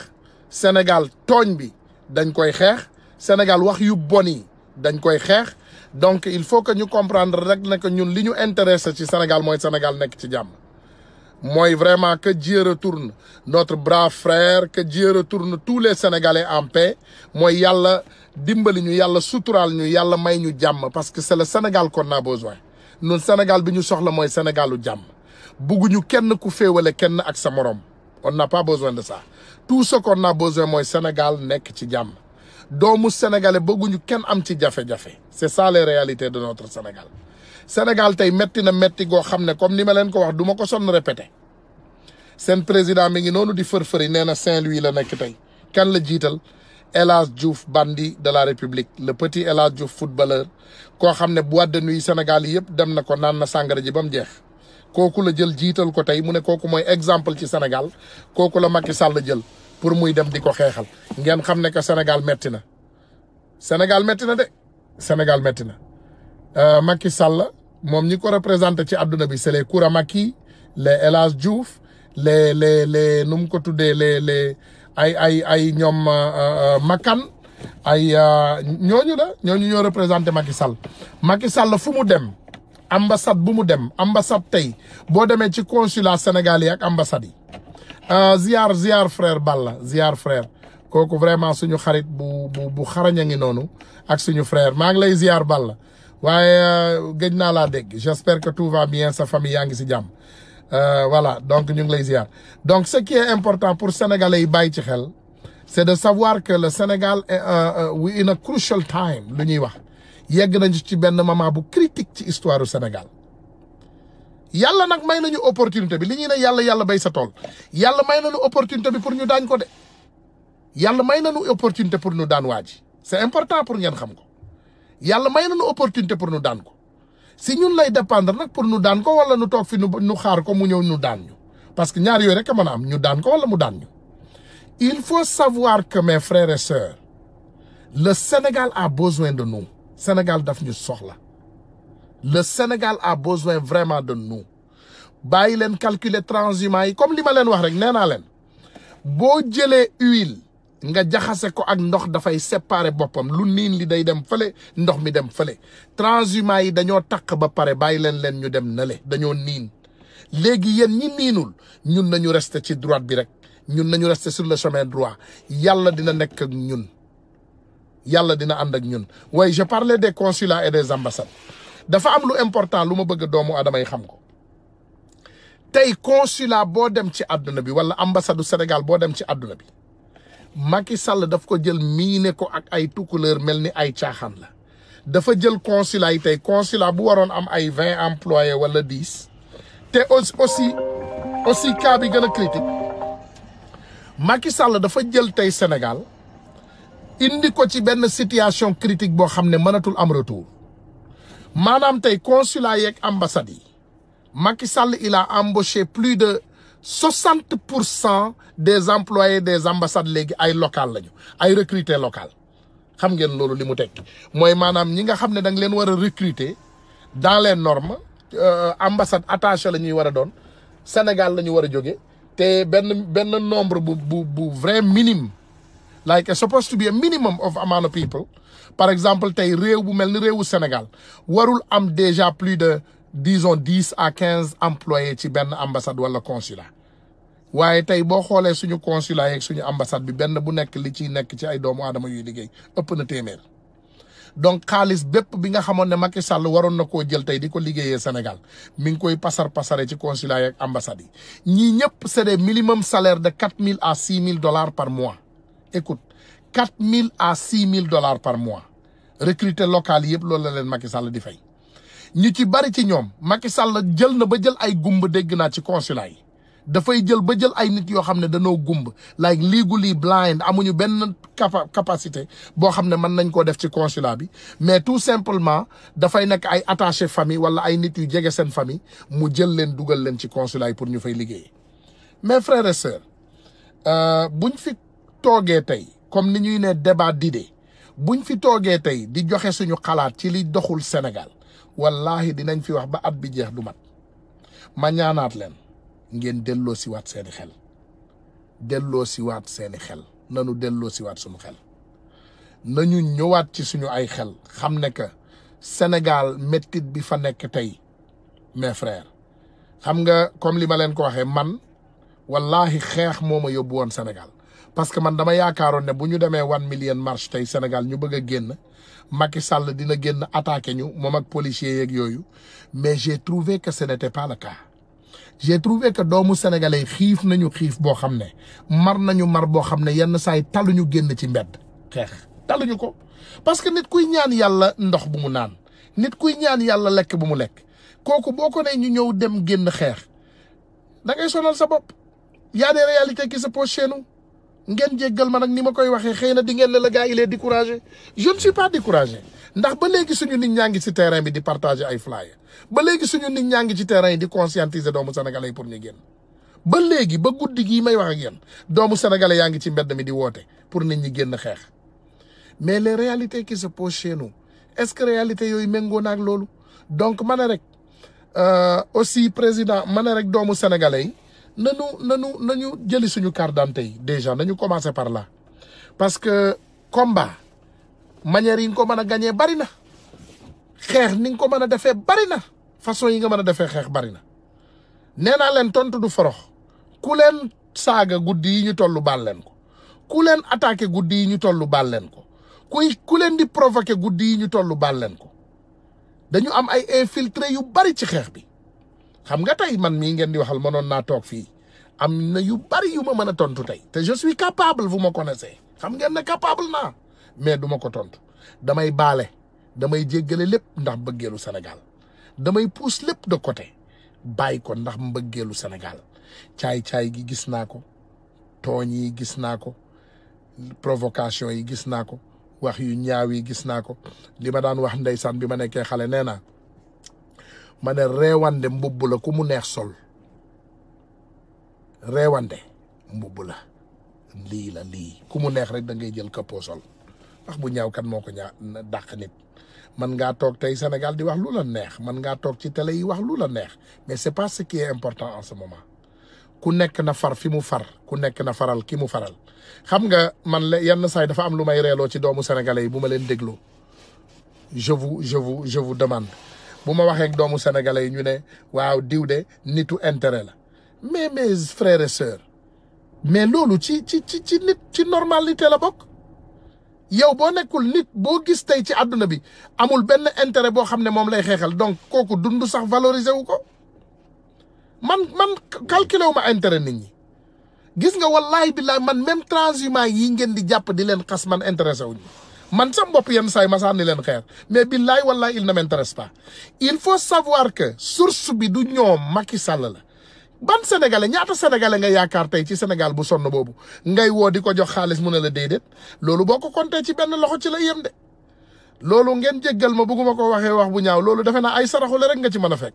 Sénégal tooñ bi dañ koy xeex Sénégal wax yu bon yi dañ koy xeex donc il faut que ñu comprendre rek ne ñun li ñu intéressé ci Sénégal mooy Sénégal nekk ci jàmm mooy vraiment que Dieu retourne notre brave frère que Dieu retourne tous les Sénégalais en paix mooy yàlla dimbali ñu yàlla sutural ñu yàlla may ñu jàmm parce que c'est le Sénégal qu'on a besoin ñun Sénégal bi ñu soxla mooy Sénégalu jàmm bugguñu kenn ku féewale kenn ak sa morom on n'a pas besoin de ça tout ce na a mooy Sénégal nekk ci jàmm doomu sénégalais bëgguñu kenn am ci jafe c'est ça les réalités de notre Sénégal Sénégal tey métti na métti goo xam ne comme ni ma leen ko wax du ko sonn répété seen président mi ngi noonu di fërfëri nee na Saint-Louis la nekk tey kan la jiital El Hadj Diouf bandit de la République le petit El Hadj Diouf footballeur koo xam ne boîte de nuit Sénégal yi yëpp dem na ko naan na sàngara ji ba mu jeex kooku la jël jiital ko tey mu ne kooku mooy exemple ci Sénégal kooku la Macky Sall jël pour muy dem di ko xeexal ngeen xam ne que Sénégal metti na Sénégal métti na euh, Macky Sall moom ñi ko représenté ci àdduna bi c'est les Kouramaki les El Hadj Diouf le le les nu mu ko tuddee le les ay ay ñoom euh, euh, Makan ay ñooñu la ñooñu ñoo représenté Macky Sall Macky Sall fu mu dem ambassade bu mu dem ambassade tey boo demee ci consulat sénégalais ak ambassades yi ziar ziar frère Balla ziar frère kooku vraiment suñu xarit bu bu bu xaraña ngi noonu ak suñu frère maa ngi lay ziar Balla waaye euh, gëj naa laa dégg j'espère que tout va bien sa famille yaa ngi si jàmm euh, voilà donc ñu ngi lay ziar donc ce qui est important pour sénégalais yi bàyyi ci xel c'est de savoir que le Sénégal est euh, we in crucial time lu ñuy wax yegg nañu ci benn moment bu critique ci histoire du Sénégal yalla nag may nañu opportunité bi li ñuy ne yàlla yàlla bay sa tool yàlla may nañu pour ñu daañ ko yàlla may na nañu opportunité pour ñu daan waa ji c'est important pour ngeen xam ko yàlla may na nu opportunité pour ñu daan ko si ñun lay dépendre nag pour ñu daan ko wala nu toog fi ñu xaar ko mu ñëw ñu daan ñu parce que ñaar yooyu rek a mën a am ñu daan ko wala mu daan ñu il faut savoir que mes frères et sœurs Sénégal a besoin de nu Sénégal daf ñu soxla le Sénégal a besoin vraiment de nous bàyyi leen calculer transhumance yi comme li ma leen wax rek nee leen boo jëlee huile nga jaxase ko ak ndox dafay separe boppam lu niin li day dem fale ndox mi dem fële transhumants yi dañoo taq ba pare bàyyi leen leen ñu dem nale dañoo niin léegi yéen ñi niinul ñun nañu reste ci droit bi rek ñun nañu rester sur le chemin droit yàlla dina nekk ak ñun yàlla dina ànd ak ñun waaye je parlais de consulats et des ambassades dafa am lu important lu ma bëgg doomu adama yi xam ko tey consulat boo dem ci àdduna bi wala ambassade du Sénégal boo dem ci àdduna bi Macky Sall daf ko jël miine ko ak ay tukkuleer mel ni ay caaxaan la dafa jël consulat yi tey consulat bu waroon am ay vingt employés wala diis te aussi aussi cas bi gën a critique Macky Sall dafa jël tey Sénégal indi ko ci benn situation critique boo xam ne mënatul am retour maanaam tey consulat yeeg ambassades yi Macky Sall il a embauché plus de soixante pour cent des employés des ambassades léegi ay local lañu ay recruter local xam ngeen loolu li mu tekki mooy maanaam ñi nga xam ne da nga leen war a recruter dans les normes euh, ambassade attaché la ñuy war a doon Sénégal la ñu war a jóge te benn benn nombre bu bu bu vrai minimum like it's supposed to be a minimum of amount of people par exemple tey réew bu mel ni réewu Sénégal warul am déjà plus de disons dix à quinze employés ci benn ambassade wala consulat waaye tey boo xoolee suñu consulat suñu ambassade bi benn bu nekk li ciy nekk ci ay doomu aadama yuy liggéey ëpp na téeméer donc xaalis bépp bi nga xamoon ne Macky Sall waroon na koo jël tey di ko liggéeyee Sénégal mi ngi koy pasar pasare ci consulat yeeg ambassades yi ñii ñëpp c'est des minimum salaire de quatre mille à six mille dollars par mois écoute quatre mille à six mille dollars par mois recruter local yëpp loolu la leen Macky Sall di fay. ñu ci bari ci ñoom Macky Sall jël na ba jël ay gumba dégg naa ci consulat yi dafay jël ba jël ay nit yoo xam ne danoo gumb like legally blind amuñu benn capa capacité boo xam ne mën nañ koo def ci consulat bi mais tout simplement dafay nekk ay attaché famille wala ay nit yu jege seen famille mu jël leen dugal leen ci consulat pour ñu fay liggéey mais frères et euh, buñ fi toogee tey comme ni ñuy ne débat d'idée buñ fi toogee tey di joxe suñu xalaat ci li doxul Sénégal wallahi dinañ fi wax ba at bi jeex du mat ma ñaanaat leen ngeen delloo si waat seeni xel delloo si waat seeni xel nanu delloo si waat suñu xel nañu ñëwaat ci suñu ay xel xam ne que Sénégal méttit bi fa nekk tey mes frères xam nga comme li ma leen ko waxee man wallahi xeex moo ma yóbbu woon Sénégal parce que man dama yaakaaroon ne bu ñu demee one million marche tey Sénégal ñu bëgg a génn Macky Sall dina génn attaqué ñu moom ak policiers yeeg yooyu mais j'ai trouvé que ce n'était pas le cas doomu sénégalais xiif nañu xiif boo xam ne mar nañu mar boo xam ne yenn saa yi ñu génn ci mbedd xeex taluñu ko parce que nit kuy ñaan yàlla ndox bu mu naan nit kuy ñaan yàlla lekk bu mu lekk kooku boo ko nee ñu ñëw dem génn xeex da ngay sonal sa bopp yaa a des réalités qui se posent chez ngeen jéggal ma ni ma koy waxee xëy na di ngeen ne la gaa il est découragé je ne suis pas découragé ndax ba léegi suñu ni ñaa ngi ci terrain bi di partager ay flyers ba léegi suñu nit ñaa ngi ci terrain yi di conscientiser doomu sénégalais yi pour ñu génn ba léegi ba guddi gii may wax ak yéen doomu sénégalais yaa ngi ci mbedd mi di woote pour nit ñi génn xeex mais les réalités qui sa posent chez est-ce que réalité yooyu méngoo na loolu donc ma ne rek euh, aussi président ma ne rek doomu sénégalais yi nanu nanu nañu jëli suñu carte d'identité yi déjà nañu commencé par là parce que komba manière yi nga ko mën a gañee bari na xeex ni nga ko mën a defee bari na façon yi nga mën a defee xeex bari na nee naa leen tontu du forox ku leen saaga guddi yi ñu tollu baal leen ko ku leen attaqué guddi yi ñu tollu baal leen ko kuy ku leen di provoqué guddi yi ñu tollu baal leen ko dañu am ay infiltré yu bari ci xeex bi xam nga tey man mii ngeen di waxal mënoon naa toog fii am na yu bari yu ma mën a tontu tey te je suis capable vous me connaissez xam ngeen ne capable naa mais du ma ko tontu damay baale damay jéggale lépp ndax mbëggeelu Sénégal damay puus lépp de côté bàyyi ko ndax mbëggeelu senegal caay-caay gi gis naa ko tooñ yi gis naa ko provocation yi gis naa ko wax yu ñaaw yi gis naa ko li ma daan wax ndeysaan bi ma nekkee xale nee naa ma ne reewande mbubb la ku mu neex sol reewande mbubb la lii la lii ku mu neex rek da ngay jël kappoo sol wax bu ñaaw kan moo ko ñaa dàq nit man ngaa toog tey Sénégal di wax lu la neex man ngaa toog ci télé yi wax la neex mais c'est pas ce qui est important en ce moment ku nekk na far fi mu far ku nekk na faral ki mu faral xam nga man le yenn saay dafa am lu may reeloo ci doomu sénégalais yi bu ma leen déglu je vous je vous demande bu ma waxee doomu sénégalais yi ñu ne waaw diw de nitu intérêt la mais mes frères et sœurs mais loolu ci ci ci ci nit ci normalité la bokk yow boo nekkul nit boo gis tey ci àdduna bi amul benn intérêt boo xam ne moom lay xeexal donc kooku dund sax valoriser wu ko man man calculé wu ma intérêt nit ñi gis nga wallahi billahi man même transhumant yi ngeen di jàpp di leen xas man intéressé wuñu man sam bopp yenn saay ma sànni leen xeer mais billaay wallaay il ne m'intéresse pas il faut savoir que source bi du ñoom Macky Sall la ban sénégalais ñaata sénégalais nga yaakaar tey ci Sénégal bu sonn boobu ngay woo di ko jox xaalis mu ne la déedéet loolu boo ko compter ci benn loxo ci la yem de loolu ngeen jéggal ma bëgguma ko waxee wax bu ñaaw loolu defe naa ay saraxule rek nga ci mën a fekk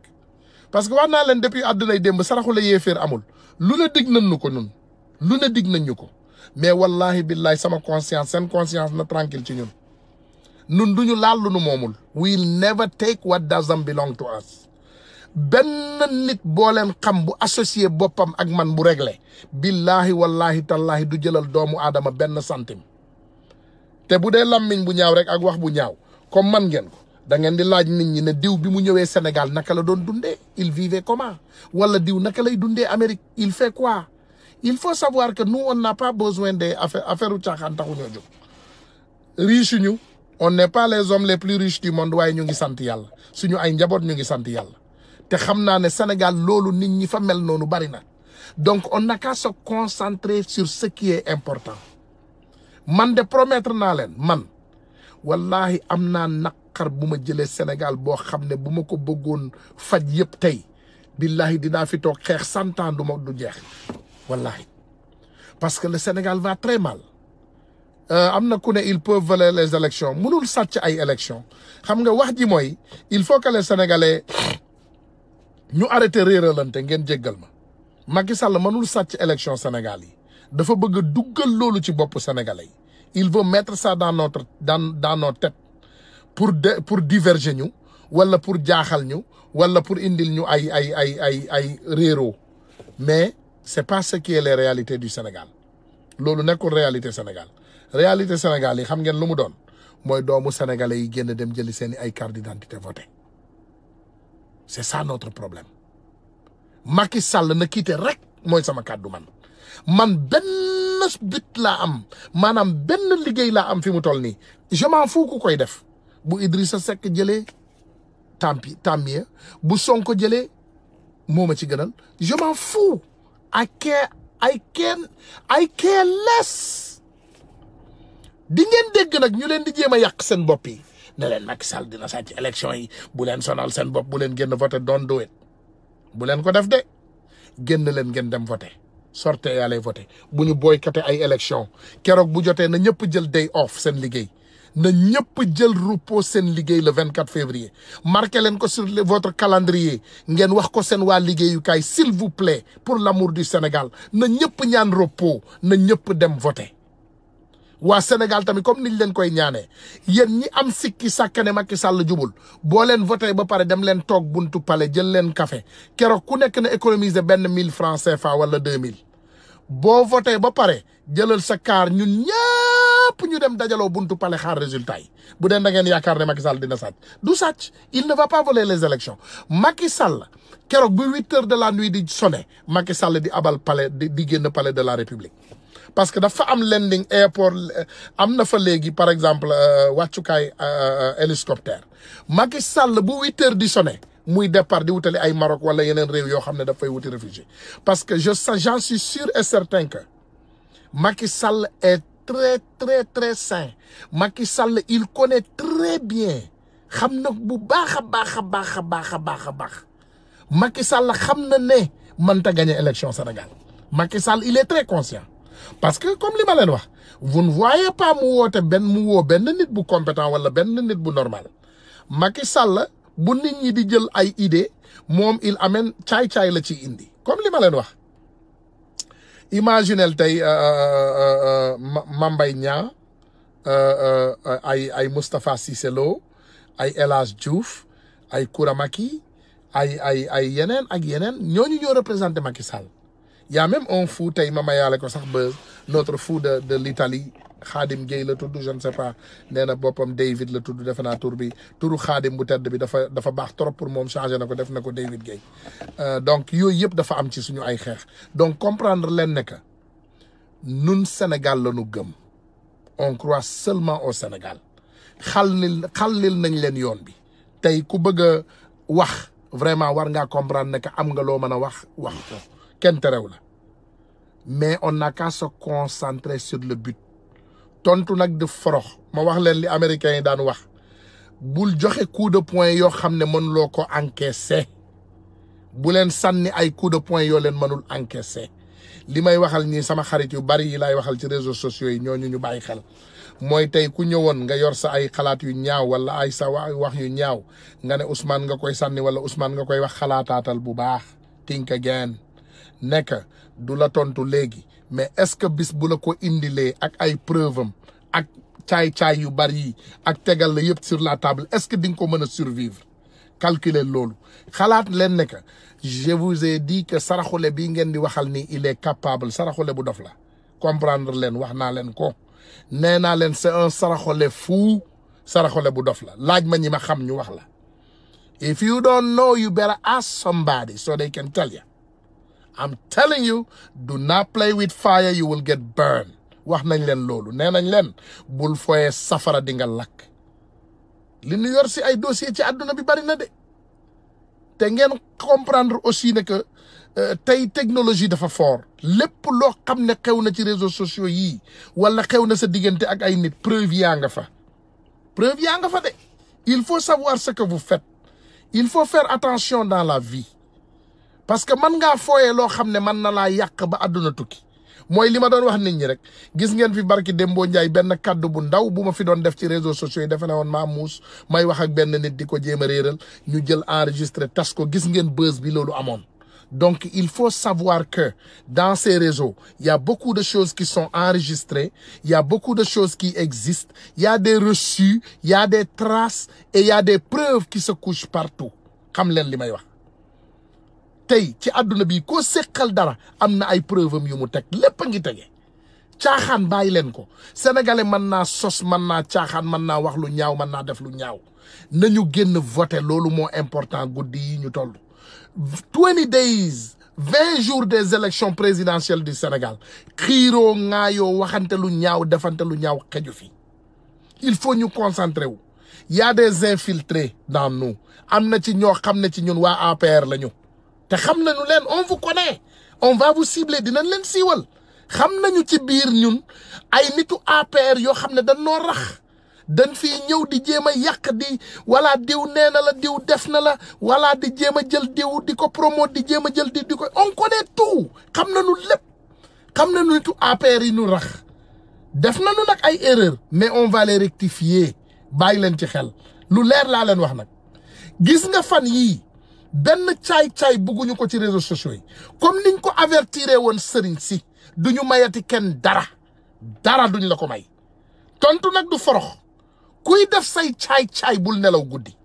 parce que wax naa leen depuis àddunay démb saraxule yéeféer amul lu ne dig nañ ñu ko ñun lu ne dig nañ ñu ko mais wallahi billahi sama conscience seen conscience na tranquille ci ñun nun duñu laal lu nu moomul we'll never take what doesn't belong to us benn nit boo leen xam bu associé boppam ak man bu réglé billahi wallahi tallaahi du jëlal doomu aadama benn centime te bu dee lammiñ bu ñaaw rek ak wax bu ñaaw comme man ngeen ko da ngeen di laaj nit ñi ne diw bi mu ñëwee Sénégal naka la doon dundee il vivait comment wala diw naka lay dundee Amérique il fait quoi il faut savoir que nous on n'a pas besoin des affaire affaire u caaxaan taxu ñoo ñu on n'est pas les hommes les plus riches du monde waaye ñu ngi sant yàlla suñu ay njaboot ñu ngi sant yàlla te xam naa ne Sénégal loolu nit ñi fa mel noonu bari na donc on n'a qu'à se concentrer sur ce qui important man de promettre naa leen man wallahi am naa naqar bu ma jëlee Sénégal boo xam ne bu ma ko bëggoon faj yëpp tey billahi dinaa fi toog xeex cent ans du ma du jeex wallahi parce que le Sénégal va très mal euh, am na ku ne ils peuvent voler les élections mënul sàcc ay élections xam nga wax ji mooy il faut que les Sénégalais ñu arrêté réeralante ngeen jéggal ma Macky Sall mënul sàcc élection Sénégal yi dafa bëgg duggal loolu ci boppu Sénégalais yi il veut mettre ça dans notre dans dans nos têtes pour de pour diverger ñu wala pour jaaxal ñu wala pour indil ñu ay ay ay ay ay réeroo mais c'est pas ce que est les du Sénégal loolu nekkul réalité Sénégal réalité Sénégal yi xam ngeen lu mu doon mooy doomu sénégalais yi génn dem jëli seen i ay carte d'identité voté c'est ça notre problème Macky Sall na kiite rek mooy sama kàddu man man benn but laa am maanaam benn liggéey laa am fi mu toll nii je m'en fous ku koy def bu Idrissa Seck jële tant pis bu Sonko jëlee moom ma ci gënal je m'en I care ay care I care less di ngeen dégg nag ñu leen di jéem a yàq seen bopp yi ne leen Macky Sall dina sàcc élection yi bu leen sonal seen bopp bu leen génn voté doon do it bu leen ko def de génn leen ngeen dem voté sorte allez voté bu ñu boycotté ay élection keroog bu jotee na ñëpp jël day off seen liggéey na ñëpp jël repos seen liggéey le 24 février marqué leen ko sur votre calendrier ngeen wax ko seen waa liggéeyukaay s'il vous plaît pour l'amour du Sénégal na ñëpp ñaan repos na ñëpp dem voter waa Sénégal tamit comme niñ leen koy ñaanee yéen ñi am sikki sàkkane Macky Sall jubul boo leen voté ba pare dem leen toog buntu palais jël leen café keroog ku nekk na économiser benn mille francs CFA wala deux mille boo voté ba pare jëlal sa kaar ñun ñëpp ñu dem dajaloo buntu pale xaar résultat yi bu dee da ngeen yaakaar ne Macky Sall dina sàcc du sàcc il na va pas voler les élections Macky Sall keroog bu huit heures de la nuit di sonné Macky Sall di abal palais di génn palais de la République parce que dafa am landing airport euh, am na fa léegi par exemple euh, wàccukaay euh, hélicoptère Macky Sall bu huit di sonné muy départ di wutali ay Maroc wala yeneen réew yoo xam ne dafay wuti réfugié parce que je j'en suis sûr et certain que Macky Sall est très très très sain Sall il kone très bien xam na bu baax a baax a baax a baax a baax a baax Macky Sall xam na ne man gagner élection Sénégal Macky Sall il est très conscient parce que comme li ma leen wax vous ne voyez pas mu woote benn mu woo benn nit bu compétent wala benn nit bu normal Macky Sall bu nit ñi di jël ay idée moom il amène caay-caay la ci indi comme li ma leen wax imaginel tey euh, euh, euh, Mambay Niang ay ay Moustapha Cissé ay El Hadj Diouf ay Kouramaki ay ay ay yeneen ak yeneen ñooñu ñoo représenté Macky Sall y' a on fou tey ma mayaale ko sax ba notre fou de de l'Italie xaadim Gueye la tudd je ne sais pas nee na boppam David la tudd defe naa tour bi tour xaadim bu tedd bi dafa dafa baax trop pour moom changé na ko def na ko David Gueye euh, donc yooyu yëpp dafa am ci suñu ay xeex donc comprendre leen ne que nun Sénégal la gëm on croit seulement au Sénégal xallil xallil nañ leen yoon bi tey ku bëgg a wax vraiment war ngaa comprendre ne am nga loo mën a wax wax ko kenn terew la mais on n'a qu'à se concentrer sur le but tontu nag di forox ma wax leen li américains yi daan wax bul joxe coup de poing yoo xam ne mënuloo ko encaisser bu leen sànni ay coup de poing yoo leen mënul encaisser li may waxal nii sama xarit yu bari yi laay waxal ci réseau sociaux yi ñoo ñu ñu bàyyi xel mooy tey ku ñëwoon nga yor sa ay xalaat yu ñaaw wala ay sa wax yu ñaaw nga ne Ousmane nga koy sànni wala Ousmane nga koy wax xalaataatal bu baax think again nekk du la tontu léegi mais est-ce que bis bu la ko indilee ak ay preuve ak caay-caay yu bari yi ak tegal la yëpp sur la table est-ce que di nga ko mën a survivre calculer loolu xalaat leen ne que je vous ai saraxule bii ngeen di waxal ni il est capable saraxule bu dof la comprendre leen wax naa leen ko nee naa leen c'est un saraxule fou saraxule bu dof la laaj ma ñi ma xam ñu wax la if you don't know you better ask somebody so they can tell you am telling you do not play with fire you will get burned wax nañ leen loolu nee nañ leen bul foyee safara di nga lakk li si ay dossier ci àdduna bi bari na de te ngeen comprendre aussi ne que euh, tey technologie dafa fort lépp loo xam ne xew na ci réseaux sociaux yii wala xew na sa diggante ak ay nit preuve yaa nga fa preuve yaa nga fa de il faut savoir ce que vous fet il faut fair attention dans la vie parce que man ngaa fooyee loo xam ne man na laa yàq ba àdduna tukki mooy li ma doon wax nit ñi rek gis ngeen fi barki Dembo Ndiaye benn kàddu bu ndaw bu ma fi doon def ci réseaux sociaux yi defe naa woon maa muus may wax ak benn nit di ko jéem a réeral ñu jël enregistré tas ko gis ngeen buzz bi loolu amoon. Donc, il faut savoir que dans ces réseaux, il y beaucoup de choses qui sont enregistrées, il beaucoup de choses qui existent, ya des reçus, il y des traces et il y a des preuves qui se couchent partout. Comme tey ci àdduna bi ko séqal dara am na ay preuve yu mu teg lépp a ngi tege caaxaan bàyyi leen ko sénégalais mën naa sos man naa caaxaan mën naa wax lu ñaaw mën naa def lu ñaaw nañu génn voté loolu moo important guddi yi ñu toll twenty days vingt jours des élections présidentielles du Sénégal xiiroo ŋaayoo waxante lu ñaaw defante lu ñaaw xeju fi il faut ñu concentrer wu y a des infiltrés dans nu am na ci ñoo xam ne ci ñun waa APR lañu te xam nañu leen on vous connaît on va vous dinañ leen siiwal xam nañu ci biir ñun ay nitu APR yoo xam ne dañ noo rax dañ fii ñëw di jéem a yàq di wala diw nee na la diw def na la wala di jéem a jël diw di ko promo di jéem a jël di di ko on connaît tout xam nañu lépp xam nañu nitu APR yi nu rax def nañu nag ay erreur mais on va les rectifier bàyyi leen ci xel lu leer laa leen wax nag gis nga fan yii benn caay-caay bugguñu ko ci réseaux sociaux yi comme niñ ko avertiré woon sëriñ si duñu mayati kenn dara dara duñ la ko may tontu nag du forox kuy def say caay-caay bul nelaw guddi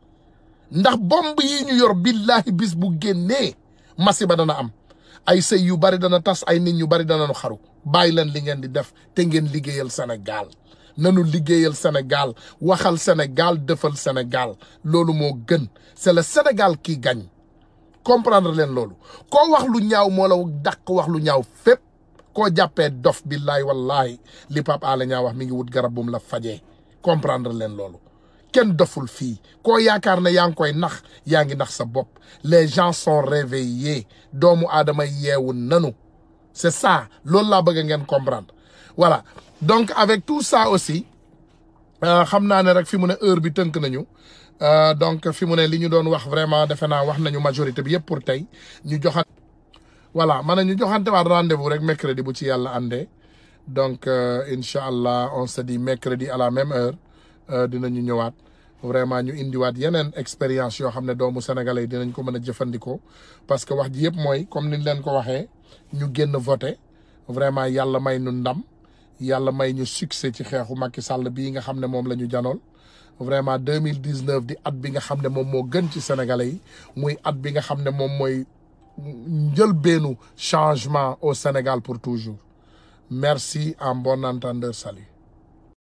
ndax bomb yi ñu yor billaahi bis bu génnee masiba dana am ay sëy yu bari dana tas ay nit ñu bari dana nu xaru bàyyi leen li ngeen di def te ngeen liggéeyal Sénégal nanu liggéeyal Sénégal waxal Sénégal defal Sénégal loolu moo gën c'est le Sénégal qui gagne comprendre leen loolu koo wax lu ñaaw moo la daq wax lu ñaaw fépp koo jàppee dof bi lay wallaay li Pape Alé Niang wax mi ngi wut garab bu la fajee comprendre leen loolu kenn doful fii koo yaakaar ne yaa ngi koy nax yaa ngi nax sa bopp les gens sont réveillés doomu aadama yeewu nanu c'est ça loolu laa bëgg ngeen comprendre voilà donc avec tout ça aussi euh, xam naa ne rek fi mu ne heure bi tënk nañu euh, donc fi mu ne li ñu doon wax vraiment defe naa wax nañu majorité bi yëpp pour tey ñu joxan voilà ma ne ñu joxante waat rendez-vous rek mercredi bu ci yàlla àndee donc euh, incha allah on se dit mercredi à la même heure dinañu ñëwaat vraiment ñu indiwaat yeneen expérience yoo xam ne doomu sénégalais yi dinañ ko mën a jëfandikoo parce que wax ji yëpp mooy comme ni leen ko waxee ñu génn voté vraiment yàlla may nu ndam yàlla may ñu succès ci xeexu Macky sàll bii nga xam ne moom la ñu janool vraiment deux mille dix neuf di at bi nga xam ne moom moo gën ci sénégalais yi muy at bi nga xam ne moom mooy njëlbeenu changement au Sénégal pour toujours merci en bon entendeur salut